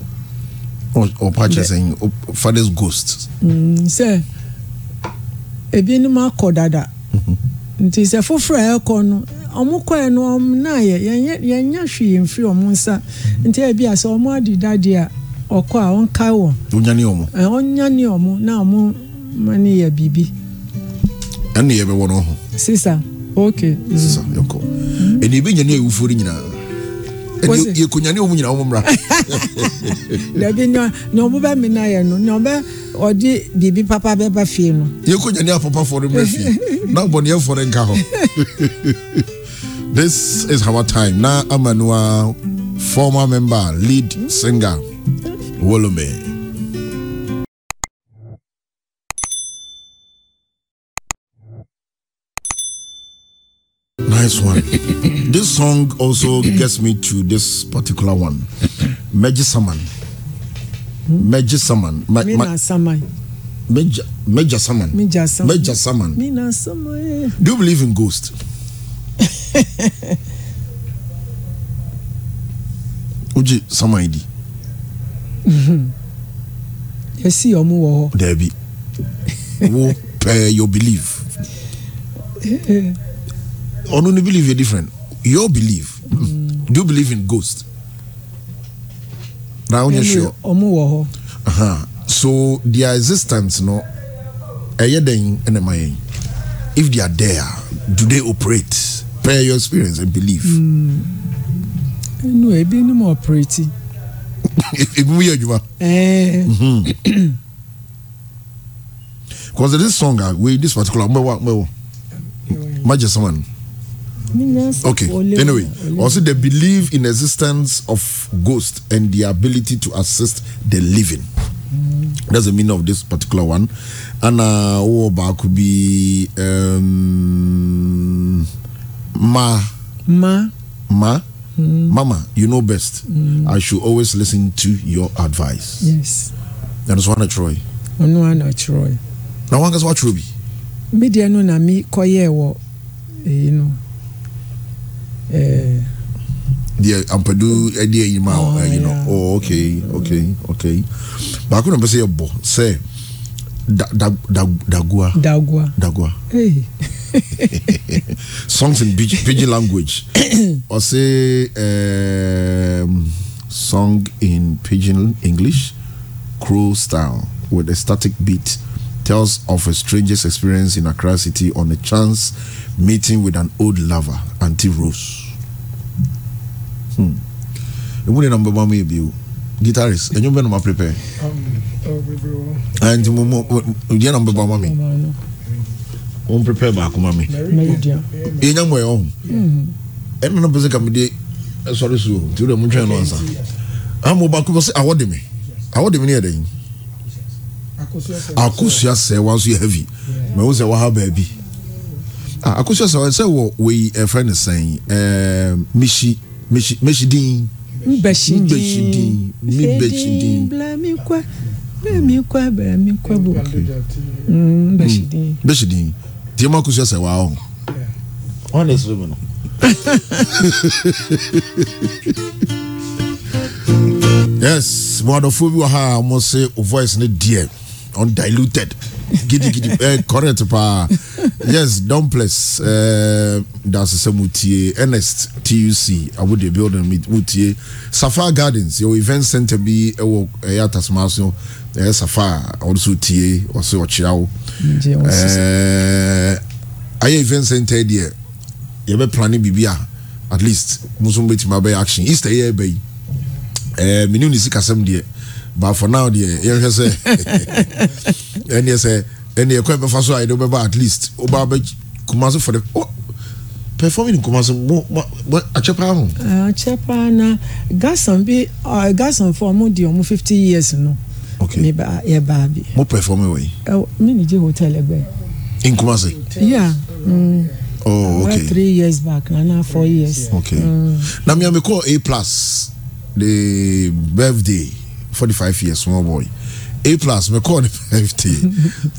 ɔpa kyerɛ sɛ father's ghost. Mm, mm-hmm. sɛ. ebinom akɔ dada mhm. nti sɛ foforɔ a ɛkɔ no ɔmo kɔɛ no ɔmo naayɛ yɛnyɛ hwee mfiri ɔmo nsa nti ebi asɛ ɔmo adi dadeɛ a ɔkɔ a ɔnkae wɔn ɔnyane ɔmo ɔnyane ɔmo na ɔmo mani yɛ biribi ɛne yɛbɛwɔ wɔ ho sisa ok sisa yɛkɔ mhm. ɛnna ebi nyane awufoɔ no nyinaa yɛkɔnya ne ɔmu nyina wo mmra dabi na ɔmo bɛ mena yɛ no na ɔbɛ ɔde biribi papa bɛba fie no yɛkɔnya ne apapafoɔ no mmra fie na bɔneyɛfoɔ no nka hɔ this is our time na amanua former member lead singer wolome Nice one. this song also gets me to this particular one. Meji Saman. Meji Saman. Ma, ma, Saman. Major, Major Saman. Major Saman. Do you believe in ghosts? Uji Saman idi. Mhm. Yesi ọmú wọ họ. Dẹ̀bi. Wo pẹ̀ your belief. Ọ̀nù eh, eh. ni belief yẹ different your belief mm. do you believe in ghost na onye sure ọmụ wọ họ uh -huh. so their existence no ẹyẹ dẹyin ẹna ẹma yẹn if they are there do they operate per your experience and belief. Mm. ẹnu ẹbí ẹni mọ ọpẹrẹtì. ebi mu yẹ adwuma. Eh. Mm-hmm. because this song ah wey this particular mbẹ wa mbẹ wọ majẹ saman. Okay. Anyway, also they believe in existence of ghosts and the ability to assist the living. Mm. That's the meaning of this particular one. And uh could be um ma ma ma mm. mama, you know best. Mm. I should always listen to your advice. Yes. That is one of Troy. One of Troy. Now one guess what Ruby? Media no na me koye wo eh, you know deɛ ampadu ɛde ayi ma ɛyi no oh okay okay okay baako na bɛ sɛ yɛ bɔ sɛ da da da dagua dagua dagua hey. songs in pidgin language ɔsɛ um, song in pidgin english crow style with a static beat tells of a stranger's experience in accra city on a chance meeting with an old lover, Auntie Rose. Hmm. Ewúrẹ́ náà mbẹ́bọ́ amúyẹ bíi o. Guitarist, ẹ̀yọ́ bẹ́ẹ̀ ni ma prepare. Auntie mo mo ìdíyẹ náà mbẹ́bọ́ amá mi. Wọ́n prepare baako ma mi. Yẹ nyá mọ̀ ẹ̀ ọ̀hún. Hmm. Ẹ̀ nínú pèsè kàmídé ẹ̀ sọ̀rọ̀ sùn o, tí o dẹ̀ mú twẹ́ náà nsà. Àmọ̀ baako bọ̀ sẹ́ àwọ̀ dì mí. Àwọ̀ dì mí ni ẹ̀dẹ̀ yìí. Akosua sẹ̀ wá nso yẹ heavy. Mẹ̀ wọ́n sẹ̀ wá ha baabi akosua sɛ sɛ wɔ wei ɛfrɛ eh, no sɛn ɛɛ eh, mehyi mehyi mehyi din. mbɛhyi din mbɛhyi din blami kwa blami kwa blami kwa bo mbɛhyi din. mbɛhyi din tiɛ mu akosua sɛ waa ɔn. ɔn de sori mu yes mo adɔfoɔ bi wɔ ha a wɔn sɛ o voice ne deɛ undiluted gidigidi eh, correct paa yes dumples eh, dasesɛ mutie ernest tuc awode building mutie safar gardens yɛwɔ event center bi ɛwɔ ɛyɛ atasoma so ɛyɛ safar ɔno nso tie ɔsɛ eh, ɔkyea wo eh, ayɛ eh, event center deɛ yɛbɛplane biribi a at least mo nso mobɛtumi abɛyɛ action easter yɛ ɛbɛyi eh, menim ne sikasɛm deɛ but for now deɛ yɛhwɛ sɛ ɛneɛ sɛ ɛneɛ kɔ bɛfa so a yɛde wobɛba at least woba bɛ kumase for the oh, performing in kumase mo mo akyɛ paa ho. akyɛ paa na gasan bi uh, gasan fɔ ɔmo di ɔmo fifty years no. okay mi ba yɛ baa bi. mo perform wɔ yi. ɛwɔ mi ni je hotel ɛgbɛ. in kumase. yeah. Mm. Oh, okay. Well, three years back, na na four years. Okay. Mm. Na mi me, I'm call A plus the birthday forty five years small boy a plus me kɔɔ ni fifty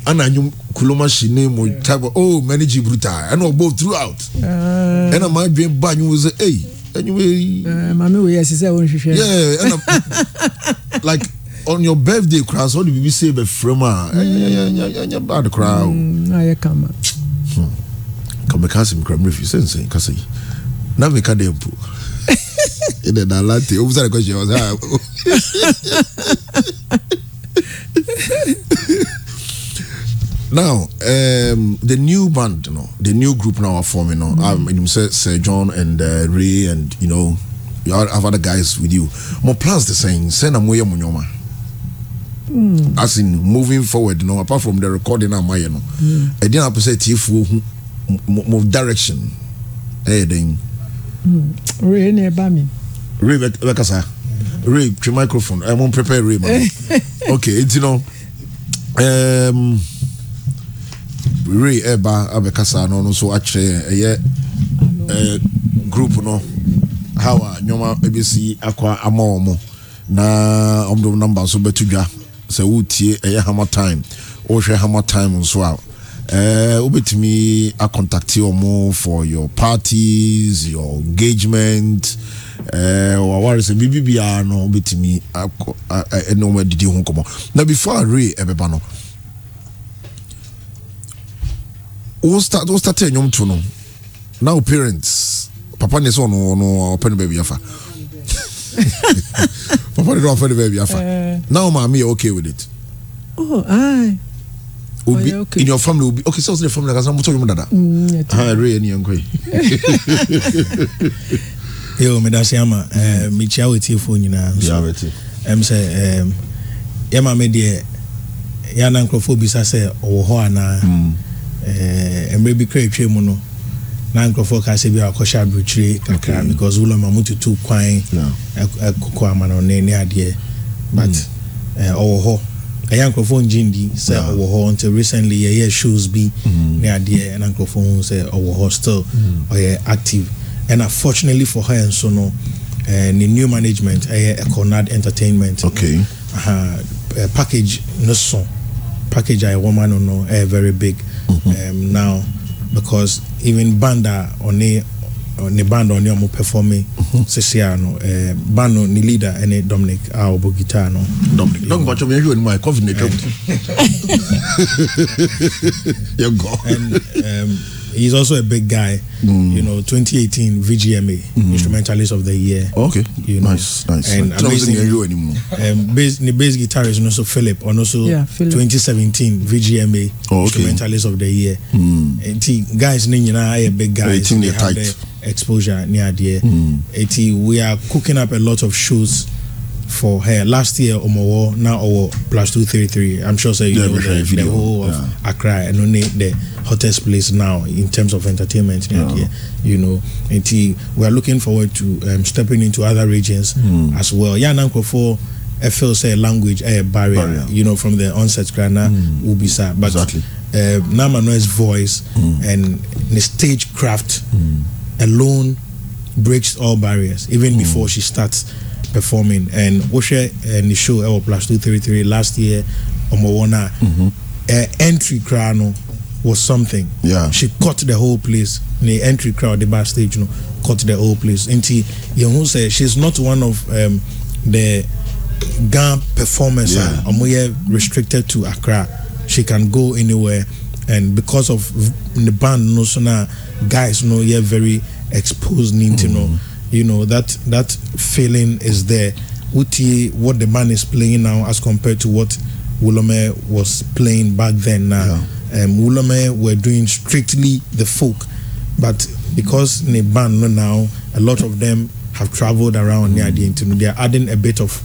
ɛna anyi kuloma si ne mo type of oh many g brutal ɛna ɔbɔ throughout ɛna maa dwen ba anyi wo sɛ ey anyi wo eyi. maame wo yɛ sisan o n hwehwɛ. yɛ ɛna like on your birthday kura sɔ de bibi se bɛ fira mu a ɛnyɛ ɛnyɛ bad kura o. ayɛ kama. kàmẹ́ká sì mi kura mi rẹ̀ fi sẹ́nsẹ́n kásá yìí náà mi ká dé mpo in the Nalante. Who was the question? I now um, the new band, you know, the new group now are forming. You know, mm-hmm. you Sir, Sir John and uh, Ray, and you know, you have other guys with you. More plans the same. Send a moya munyoma. Mm. As in moving forward, you know, apart from the recording, I'm you know, mm. I didn't have to say tifu hmm, more direction. Hey, then. Mm. Ray, near me ray bɛkasa ray twe microphone ɛmo um, prepare ray ma okay nti no um, ray ɛba abɛkasa no no nso akyerɛ ɛyɛ ɛɛ group no how a nneɛma ebesi akɔ ama wɔn na wɔn number nso bɛto dwa sɛ wotie ɛyɛ hammer time wɔrehwɛ hammer time nso a wobɛtumi eh, uh, akontakte ɔmo for your parties your engagement eh, waware sɛ biribi biara no wobɛtumi ɛne ɔmo adidi ho nkɔmmɔ na before aree eh, ɛbɛba no wo starte nnwom to no na wo parents papa ne sɛ ɔno ɔno ɔpɛ no baabi afa papa ne dɛ ɔpɛ no baabi afa na wo maame yɛ okay with it oh, aye obi oh, yeah, okay. in your family obi okay sɛ ɔsɛ family kasa motɔ dwom dada ɛreyɛ ne yɛnkɔ yi yo medase ama mekyia wɔtiefoɔ nyinaa nso ɛm sɛ yɛma me deɛ yɛana nkurɔfoɔ bisa sɛ ɔwɔ hɔ anaa mmerɛ bi kra twa mu no na nkurɔfoɔ ka sɛ bi akɔhyɛ aburokyire kakra because wolɔma motutu kwan ɛkokɔ amanɔne ne adeɛ but ɔwɔ mm. eh, oh, hɔ ɛyɛ nkurɔfoɔ ngye ndi sɛ ɔwɔ hɔ nti recently yɛyɛ shows bi mm-hmm. ne adeɛ ɛna nkurɔfoɔ hu sɛ ɔwɔ hɔ still mm-hmm. ɔyɛ active ɛna fortunately for her nso no uh, ne new management ɛyɛ econad entertainment okay. uh, package no so package a ɛwɔ ma no no ɛyɛ very big mm-hmm. um, now because even band a ɔne ne band ɔne ɔmo performe mhm. sese a no eh, band no ne leader ɛne dominic a ɔbɔ guitar no dominic dɔnku bàtɔ mi yɛ hwɛ onimɔ covid na twɛm yɛ gɔ He's also a big guy. Mm. You know, 2018 VGMA mm. Instrumentalist of the Year. Okay, you know, nice, nice. And I don't hear anymore. Um, bass, the bass guitarist, and also Philip, and also yeah, Philip. 2017 VGMA oh, okay. Instrumentalist of the Year. Mm. And t- guys, you know, I a big guys. They have the exposure near there. Mm. It, we are cooking up a lot of shows for her last year ọmọwọ now ọwọ plus two three three i'm sure say you yeah, know the, the whole of yeah. accra and only the hottest place now in terms of entertainment yeah. India, you know and we are looking forward to um, stepping into other regions mm. as well yeah and nankofo i feel say language a eh, barrier, barrier you know from the onset grana mm. sad. but exactly. uh, voice mm. and the stage craft mm. alone breaks all barriers even mm. before she starts performing and wohwɛ uh, ne show ɛwɔ plus two three three last year ɔmɔ wɔn a entry koraa no was something yeah. she cut the whole place ne entry crowd the bar stage no cut the whole place nti yɛn ho sɛ she is not one of um, the Ghana performers yeah. a ɔmo yɛ restricted to Accra she can go anywhere and because of the band no so na guys no yɛ very exposed ne no. Mm -hmm. you know that that feeling is there. Uti, what the man is playing now as compared to what Wulome was playing back then. Now, yeah. um, Wulome were doing strictly the folk, but because in the band now, a lot of them have traveled around near the They are adding a bit of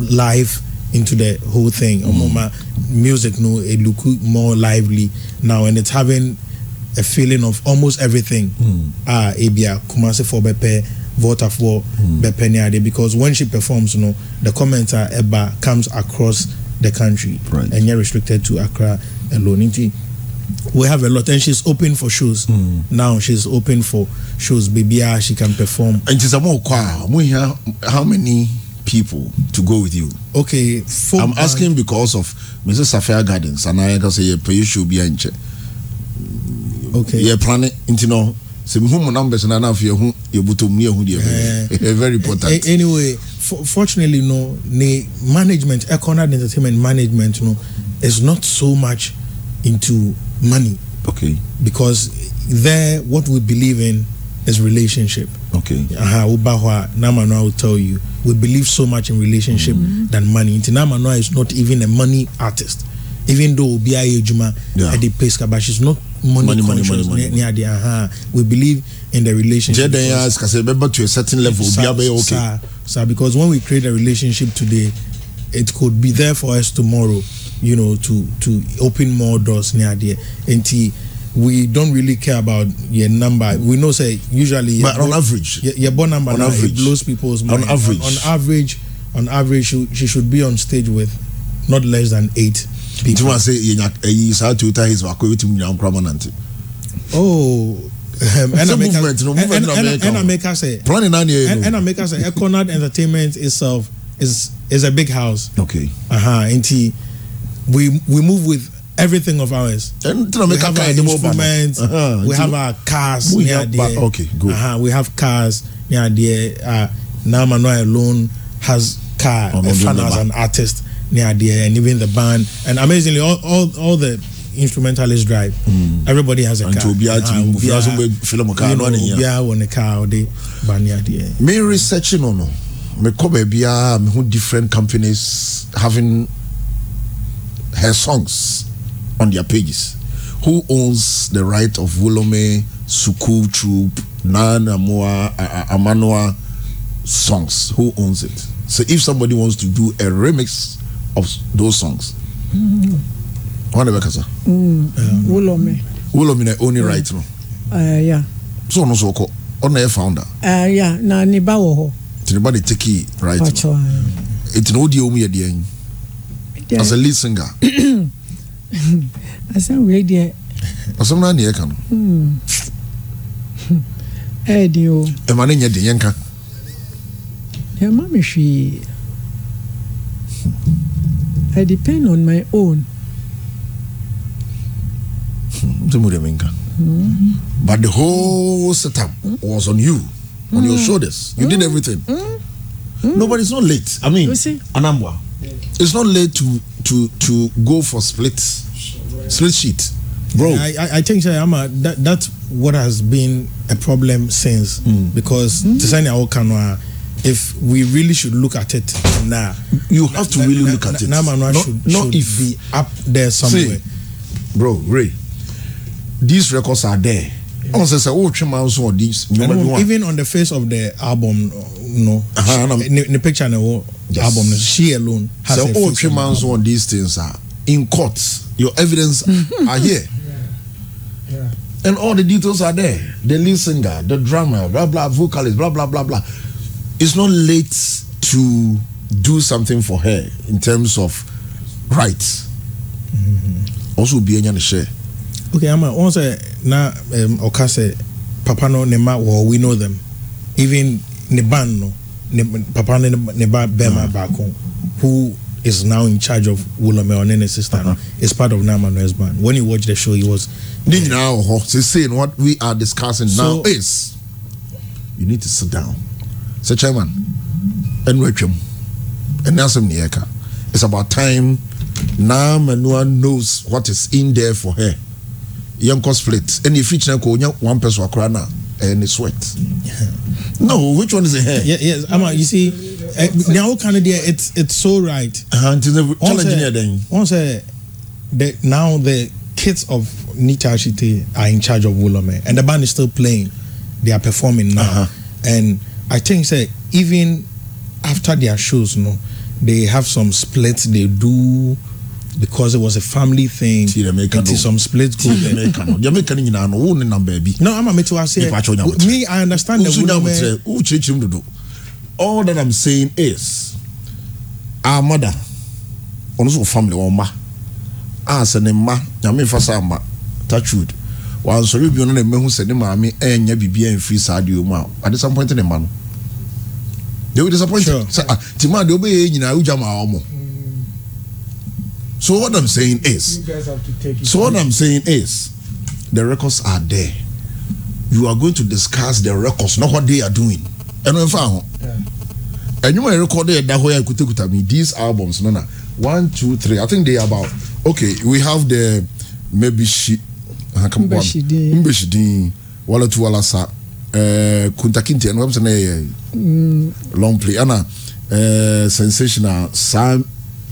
life into the whole thing. Mm. Music, no, it look more lively now, and it's having a feeling of almost everything. Mm. Ah, mm. uh, Abia, Forbepe, voter for mm. Bepeniade because when she performs, you know, the comments are Eba comes across the country right. and you're restricted to Accra alone. We have a lot, and she's open for shows mm. now. She's open for shows, baby. Ah, she can perform. And it's a more choir. We have how many people to go with you? Okay, folk I'm asking because of Mrs. Safia Gardens, and I can say, you should be in Okay, you're planning, you know sɛ mehu mu numbers na na afei ɛho yɛbutɔ mu ne ɛho deɛ eh. very eh, important eh, anyway fortunately no ne management economic entertainment management no is not so much into money okay because there what we believe in is relationship okay aha woba hɔ a na will tell you we believe so much in relationship mm -hmm. than money nti Namanoa is not even a money artist even though obi ayɛ adwuma ɛde pay scabash she's not money, money conscious ní adi aha we believe in the relationship. jẹ́ dẹ́n yà kàṣẹ́ bẹ́ẹ̀ to a certain level obi abẹ́ yẹ okay. sir sir because when we create a relationship today it could be there for us tomorrow you know to to open more doors ní adi nti we don't really care about your number we know say usually. but on average. your, your born number on now average. it blows people's mind on average on, on average on average she, she should be on stage with not less than eight nti wọn sɛ yɛnya ɛyi saa toyota his baako ebi ti mu nyinaa nkura ma nante. ooo Ena meka sɛ ɛna meka sɛ planning naa ni e yɛ no meka sɛ econard entertainment itself is is a big house. okay uh -huh. nti we we move with everything of ours. Ena e we have our instruments, uh we have our cars We have there. Okay, good. Uh We have cars near there. Uh, ah, Nama Noy alone has car. Oh, no, Fan as an artist near there and even the band and amazingly all all, all the instrumentalists drive mm. everybody has a and car and obi ati ah, mu fi aso be film car no ne ya obi a won a car o de ba near me researching no me come baabi a me ho different companies having her songs on their pages who owns the right of Wolome, Suku Troop, Nan Amua, Amanua songs? Who owns it? So if somebody wants to do a remix of those songs. wọn bɛ kasa. wolomi. Mm, um, wolomi uh, uh, na only right no. so ɔno so ɔkɔ ɔno yɛ founder. ya na ne ba wɔ hɔ. ti ne ba de take right no eti na o di omu yɛ deɛ yi as a lead singer. asɛm wei deɛ. asɛm naa ni yɛ ka no. ɛyɛ den o. ɛma ne nyɛ den yɛn ka. ɛma mi hwee. I depend on my own. Mm-hmm. But the whole setup hmm? was on you, on mm. your hmm. shoulders. You mm. did everything. Mm. No, but it's not late. I mean, Anambwa, it's not late to to to go for split split sheet, bro. Yeah, I I think Shayama, that that's what has been a problem since because designing our canoe. if we really should look at it, now you have to really look at it. Now should, not should if be up there somewhere. See, bro, Ray, these records are there. wọn say, say, oh, three maa nso ọdi even on the face of the album no uh -huh, In the picture no. yes. album she alone has so, a face. sẹ o on these things are in court your evidence are here yeah. Yeah. and all the details are there the lead singer the drummer blah blah vocalist blah blah blah blah it's not late to do something for her in terms of rights mm-hmm. also be any share. okay ama wọn sẹ eh, na okay, say papa no Nema, well, we know them even ne no ne papa ne Bema ba bẹẹma mm. baako who is now in charge of wulome ọne ne sister no uh-huh. is part of nam and band when you watch the show he was. ne nyinaa oh, oh, He's saying what we are discussing so, now is you need to sit down Say chairman and ẹtwa mu ɛne asɛm ne yɛka it's about time na manua knows what is in there for her yɛnkɔ split ɛne ɛfiri kyerɛ kɔ ɔnya one person akora no a ɛyɛ ne sweat no which one is a hair yeah, yes ama you see nea woka no deɛ it's it's so right nti uh, challenge ne ɛdɛn wɔn sɛ the now the kids of Nita Ashite are in charge of Wolome and the band is still playing they are performing now uh-huh. and I think say even after their shows no they have some splits they do because it was a family thing. ti jamaica no it some splits. group. ti jamaica no jamaica ni nyinaa no wo na baabi. no ama mi ti wa se. nipa me i understand the woman. nsu nyamu tẹ o kyerɛkyerɛ mu all that i'm saying is our mother ɔno so family wɔn ma a sɛ ne mma nyame nfa sa mma touch wood wansɔre bi ɔno na mmehu sɛ ne maame ɛnyɛ bibi ɛnfiri eh, saa adeɛ mu a at some point ne mma no they will disappoint sure. you sɛ ah tima de obeye nyinaa ojam a ɔmo so what i'm saying is so what i'm saying is the records are there you are going to discuss the records not what they are doing And ɛnu nfa ho ɛnum a record that ɛda hɔ yɛ kutakuta me these albums no na one two three i think they are about okay we have the Maybe she, mebishi wala sa. Eh, kunta kinte ɛno sɛ ne yɛ mm. long play ana eh, sensational san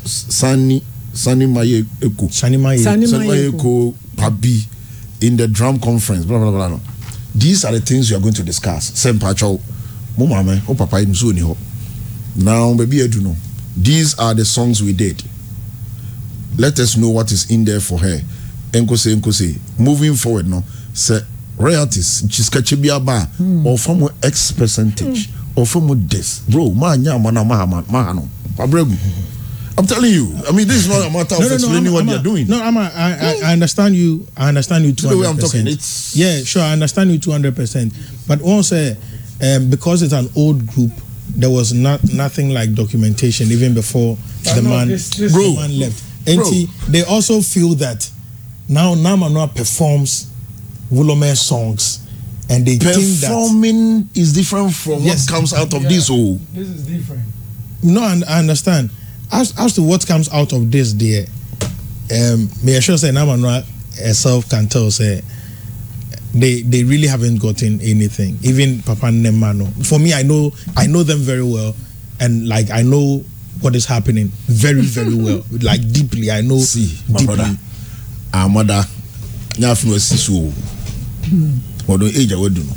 sani sani maye eko sani maye sani maye eko pabi in the drum conference blah blah blah no these are the things we are going to discuss sɛ mpatsɔ mo maame o papa yi nso ni hɔ now baabi edu no these are the songs we did let us know what is in there for her nkose nkose moving forward no sɛ royalties nkyisikakyɛ bi aba a ɔfa hmm. mu x percentage ɔfa hmm. mu this bro maa nya ama na maa maa no wabere gu. I'm telling you. I mean, this is not a matter of no, no, explaining no, I'm, what I'm, they're doing. No, I'm. A, I, I, hmm. understand you. I understand you The two hundred percent. Yeah, sure. I understand you 200%. hundred percent. But also, um, because it's an old group, there was not nothing like documentation even before the man, this, this the man left. And they also feel that now Namanoa performs Wolome songs and they performing is different from yes. what comes out of yeah, this oh. whole. This is different. No, I, I understand. As as to what comes out of this, dear, um, may I sure say Namanra herself can tell say they they really haven't gotten anything. Even Papa Nemano. For me, I know I know them very well, and like I know what is happening very very well. like deeply, I know. See, deeply. my brother, our mother, wɔde age a no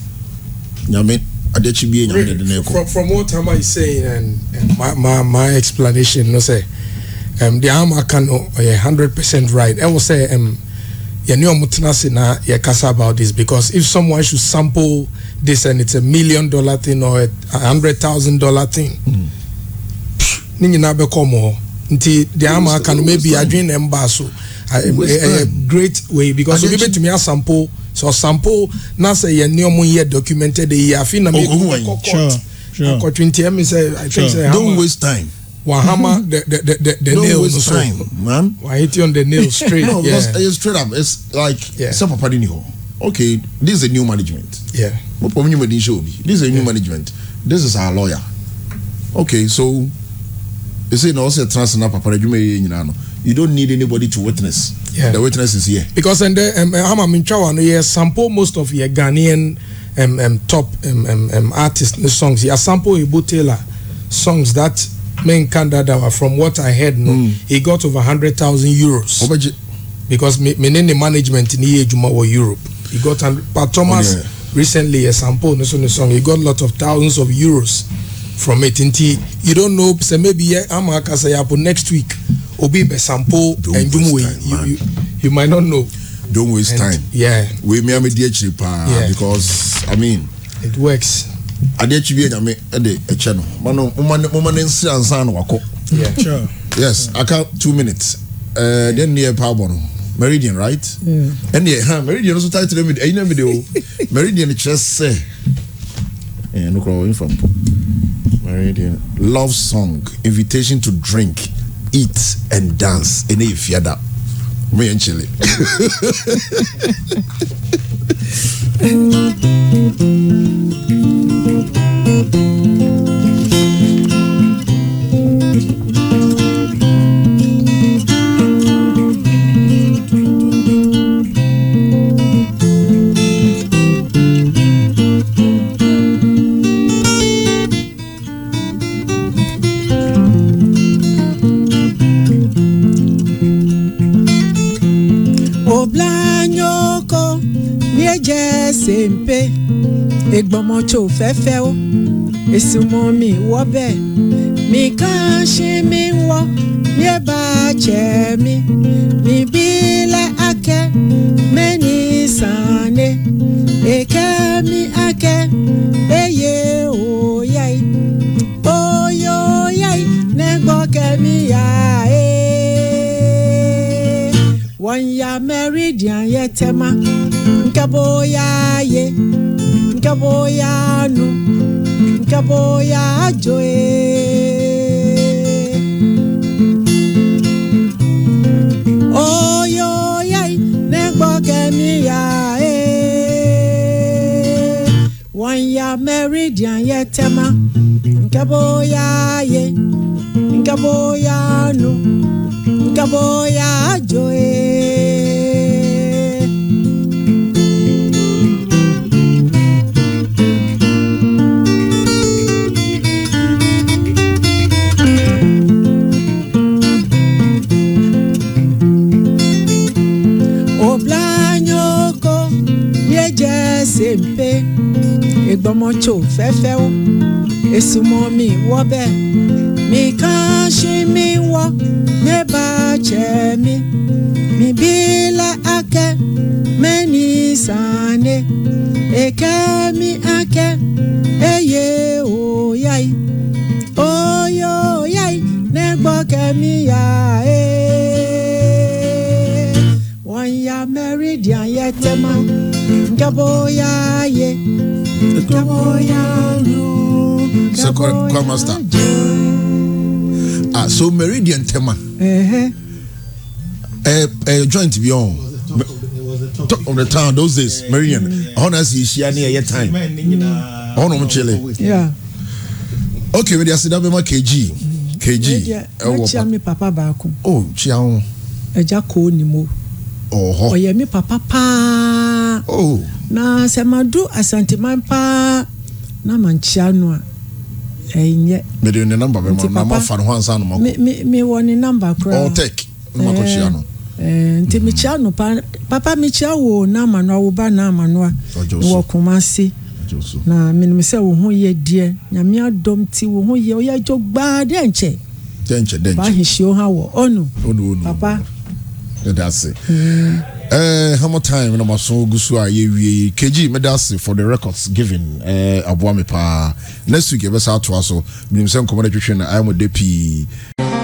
nyame adekyi bie nyame dede na ɛkɔ. from what am i saying and, and my, my my explanation no sɛ um, the ama aka no ɔyɛ hundred percent right ɛwɔ sɛ um, yɛne ɔmo tena ase na yɛkasa about this because if someone should sample this and it's a million dollar thing or a hundred thousand dollar thing hmm. ne nyinaa bɛkɔ ɔmo hɔ nti deɛ ama aka no maybe adwene na ɛmba so ɛyɛ great way because obi bɛtumi asample. So sampo na sɛ yɛn ní ɔmo yɛ documented eyi afi na oh, mi kú ɛkɔ court akɔtwi nti ɛmi sɛ i think sɛ don't waste time. Wahama mm-hmm. the the the the, the don't nail waste time man. Wa hit you on the nail straight. no, yeah. straight up. It's like yeah. sɛ papa di ni hɔ. Okay, this is a new management. Yeah. Mo pɔ mi ni mo di n ṣe obi. This is a new yeah. management. This is our lawyer. Okay, so ese na ɔsɛ transna papa adwuma yɛ nyinaa no you don't need anybody to witness. Yeah. The witness is here. Because and the uh, um, uh, Hama Minchawa, no, you sample most of your Ghanaian um, um, top um, um, um, artists songs. You sample Ibu Taylor songs that men Kandadawa, from what I heard, no, mm. he got over hundred thousand euros. Obaji. Because me, me the management in Iyejuma or Europe. He got, and but Thomas oh, yeah. recently, a sample, no, so, no, song, he got lots of thousands of euros from it. Inti, you don't know, so maybe yeah, I'm a to say, next week obi bɛ sampo ɛndum wei you, you might not know. don't waste and, time. yeah. wei mi ami di akyiri paa. because i mean. it works. adeɛ akyi bi enyame ɛde ɛkyɛ no mano moma ne nsi ansan na wakɔ. yeah sure. yes yeah. aka two minutes ɛɛ den ni yɛ paa bɔ no meridian right. ɛni yɛ ha meridian nso title mi ɛyin na mi de o meridian kyerɛ sɛ ɛɛ nukura o nfa mpo meridian love song invitation to drink. eat and dance in a fiada. Me and Chile. Thank you. mpe egbọmọtso fẹ́fẹ́ o esumo mi wọ bẹ́ẹ̀ mi kàn ṣe mi wọ yẹ bá jẹ mi mi bí lẹ akẹ mẹni sànni èkẹ mi akẹ eye òye òye òye nẹgbọkẹ mi yá e wɔnya meridian yɛ tɛma nkɛboya ye nkɛboya nu nkɛboya joe. Di media tema nke bụ ya ye nke bụ ya nụ nke bụ ya joe ìgbọ́mọ́tò fẹ́fẹ́ ó èsù mọ́ mi wọ́ bẹ́ẹ̀ mi kàn ṣí mi wọ́ mi bá jẹ́ mi mi bí la akẹ́ mẹ́ni sànni èkẹ́ mi akẹ́ eye òòyà yìí òòyà òòyà yìí nẹ́gbọ́kẹ́ mi yà é wọ́n ya mẹ́rìndínláyẹ tẹ́ máa ń yẹ sɛ kɔma sta ah, so meridian tema uh-huh. joint bi ɔn top of the town those days yeah, meridian ɔhɔ na asi ehyia ne ɛyɛ time ɔhɔ na ɔmo kyele okay wɛde aseda ma kg kg ɛwɔ pa oh kyia ho ɛgya ko ni mo ɔwɔ hɔ ɔyɛ mi papa paa oh. na sɛ ma do asanteman paa na ma nkyia no a ɛnyɛ. mede ne namba bɛ ma na ma fa ne ho ansa no ma kɔ. mi mi wɔ ne namba koraa. ɔtɛk ne ma kɔ kyia no. nti mi kyia no pa papa mi kyia wo n'ama no a wo ba n'ama no a wɔ kumasi na minimu sɛ wo ho yɛ deɛ nyamia dɔm ti wo ho yɛ o yɛ adwo gbaa dɛ nkyɛ. dɛ nkyɛ dɛ nkyɛ. o ha wɔ ɔnu papa. Onu meda ase hamo eh, time na maso gu so a yɛwie kg meda ase for the records given eh, aboa me paa next week yɛbɛsa atoa so menim sɛ nkɔmmɔ no twetwe no ayɛ mɔ da pii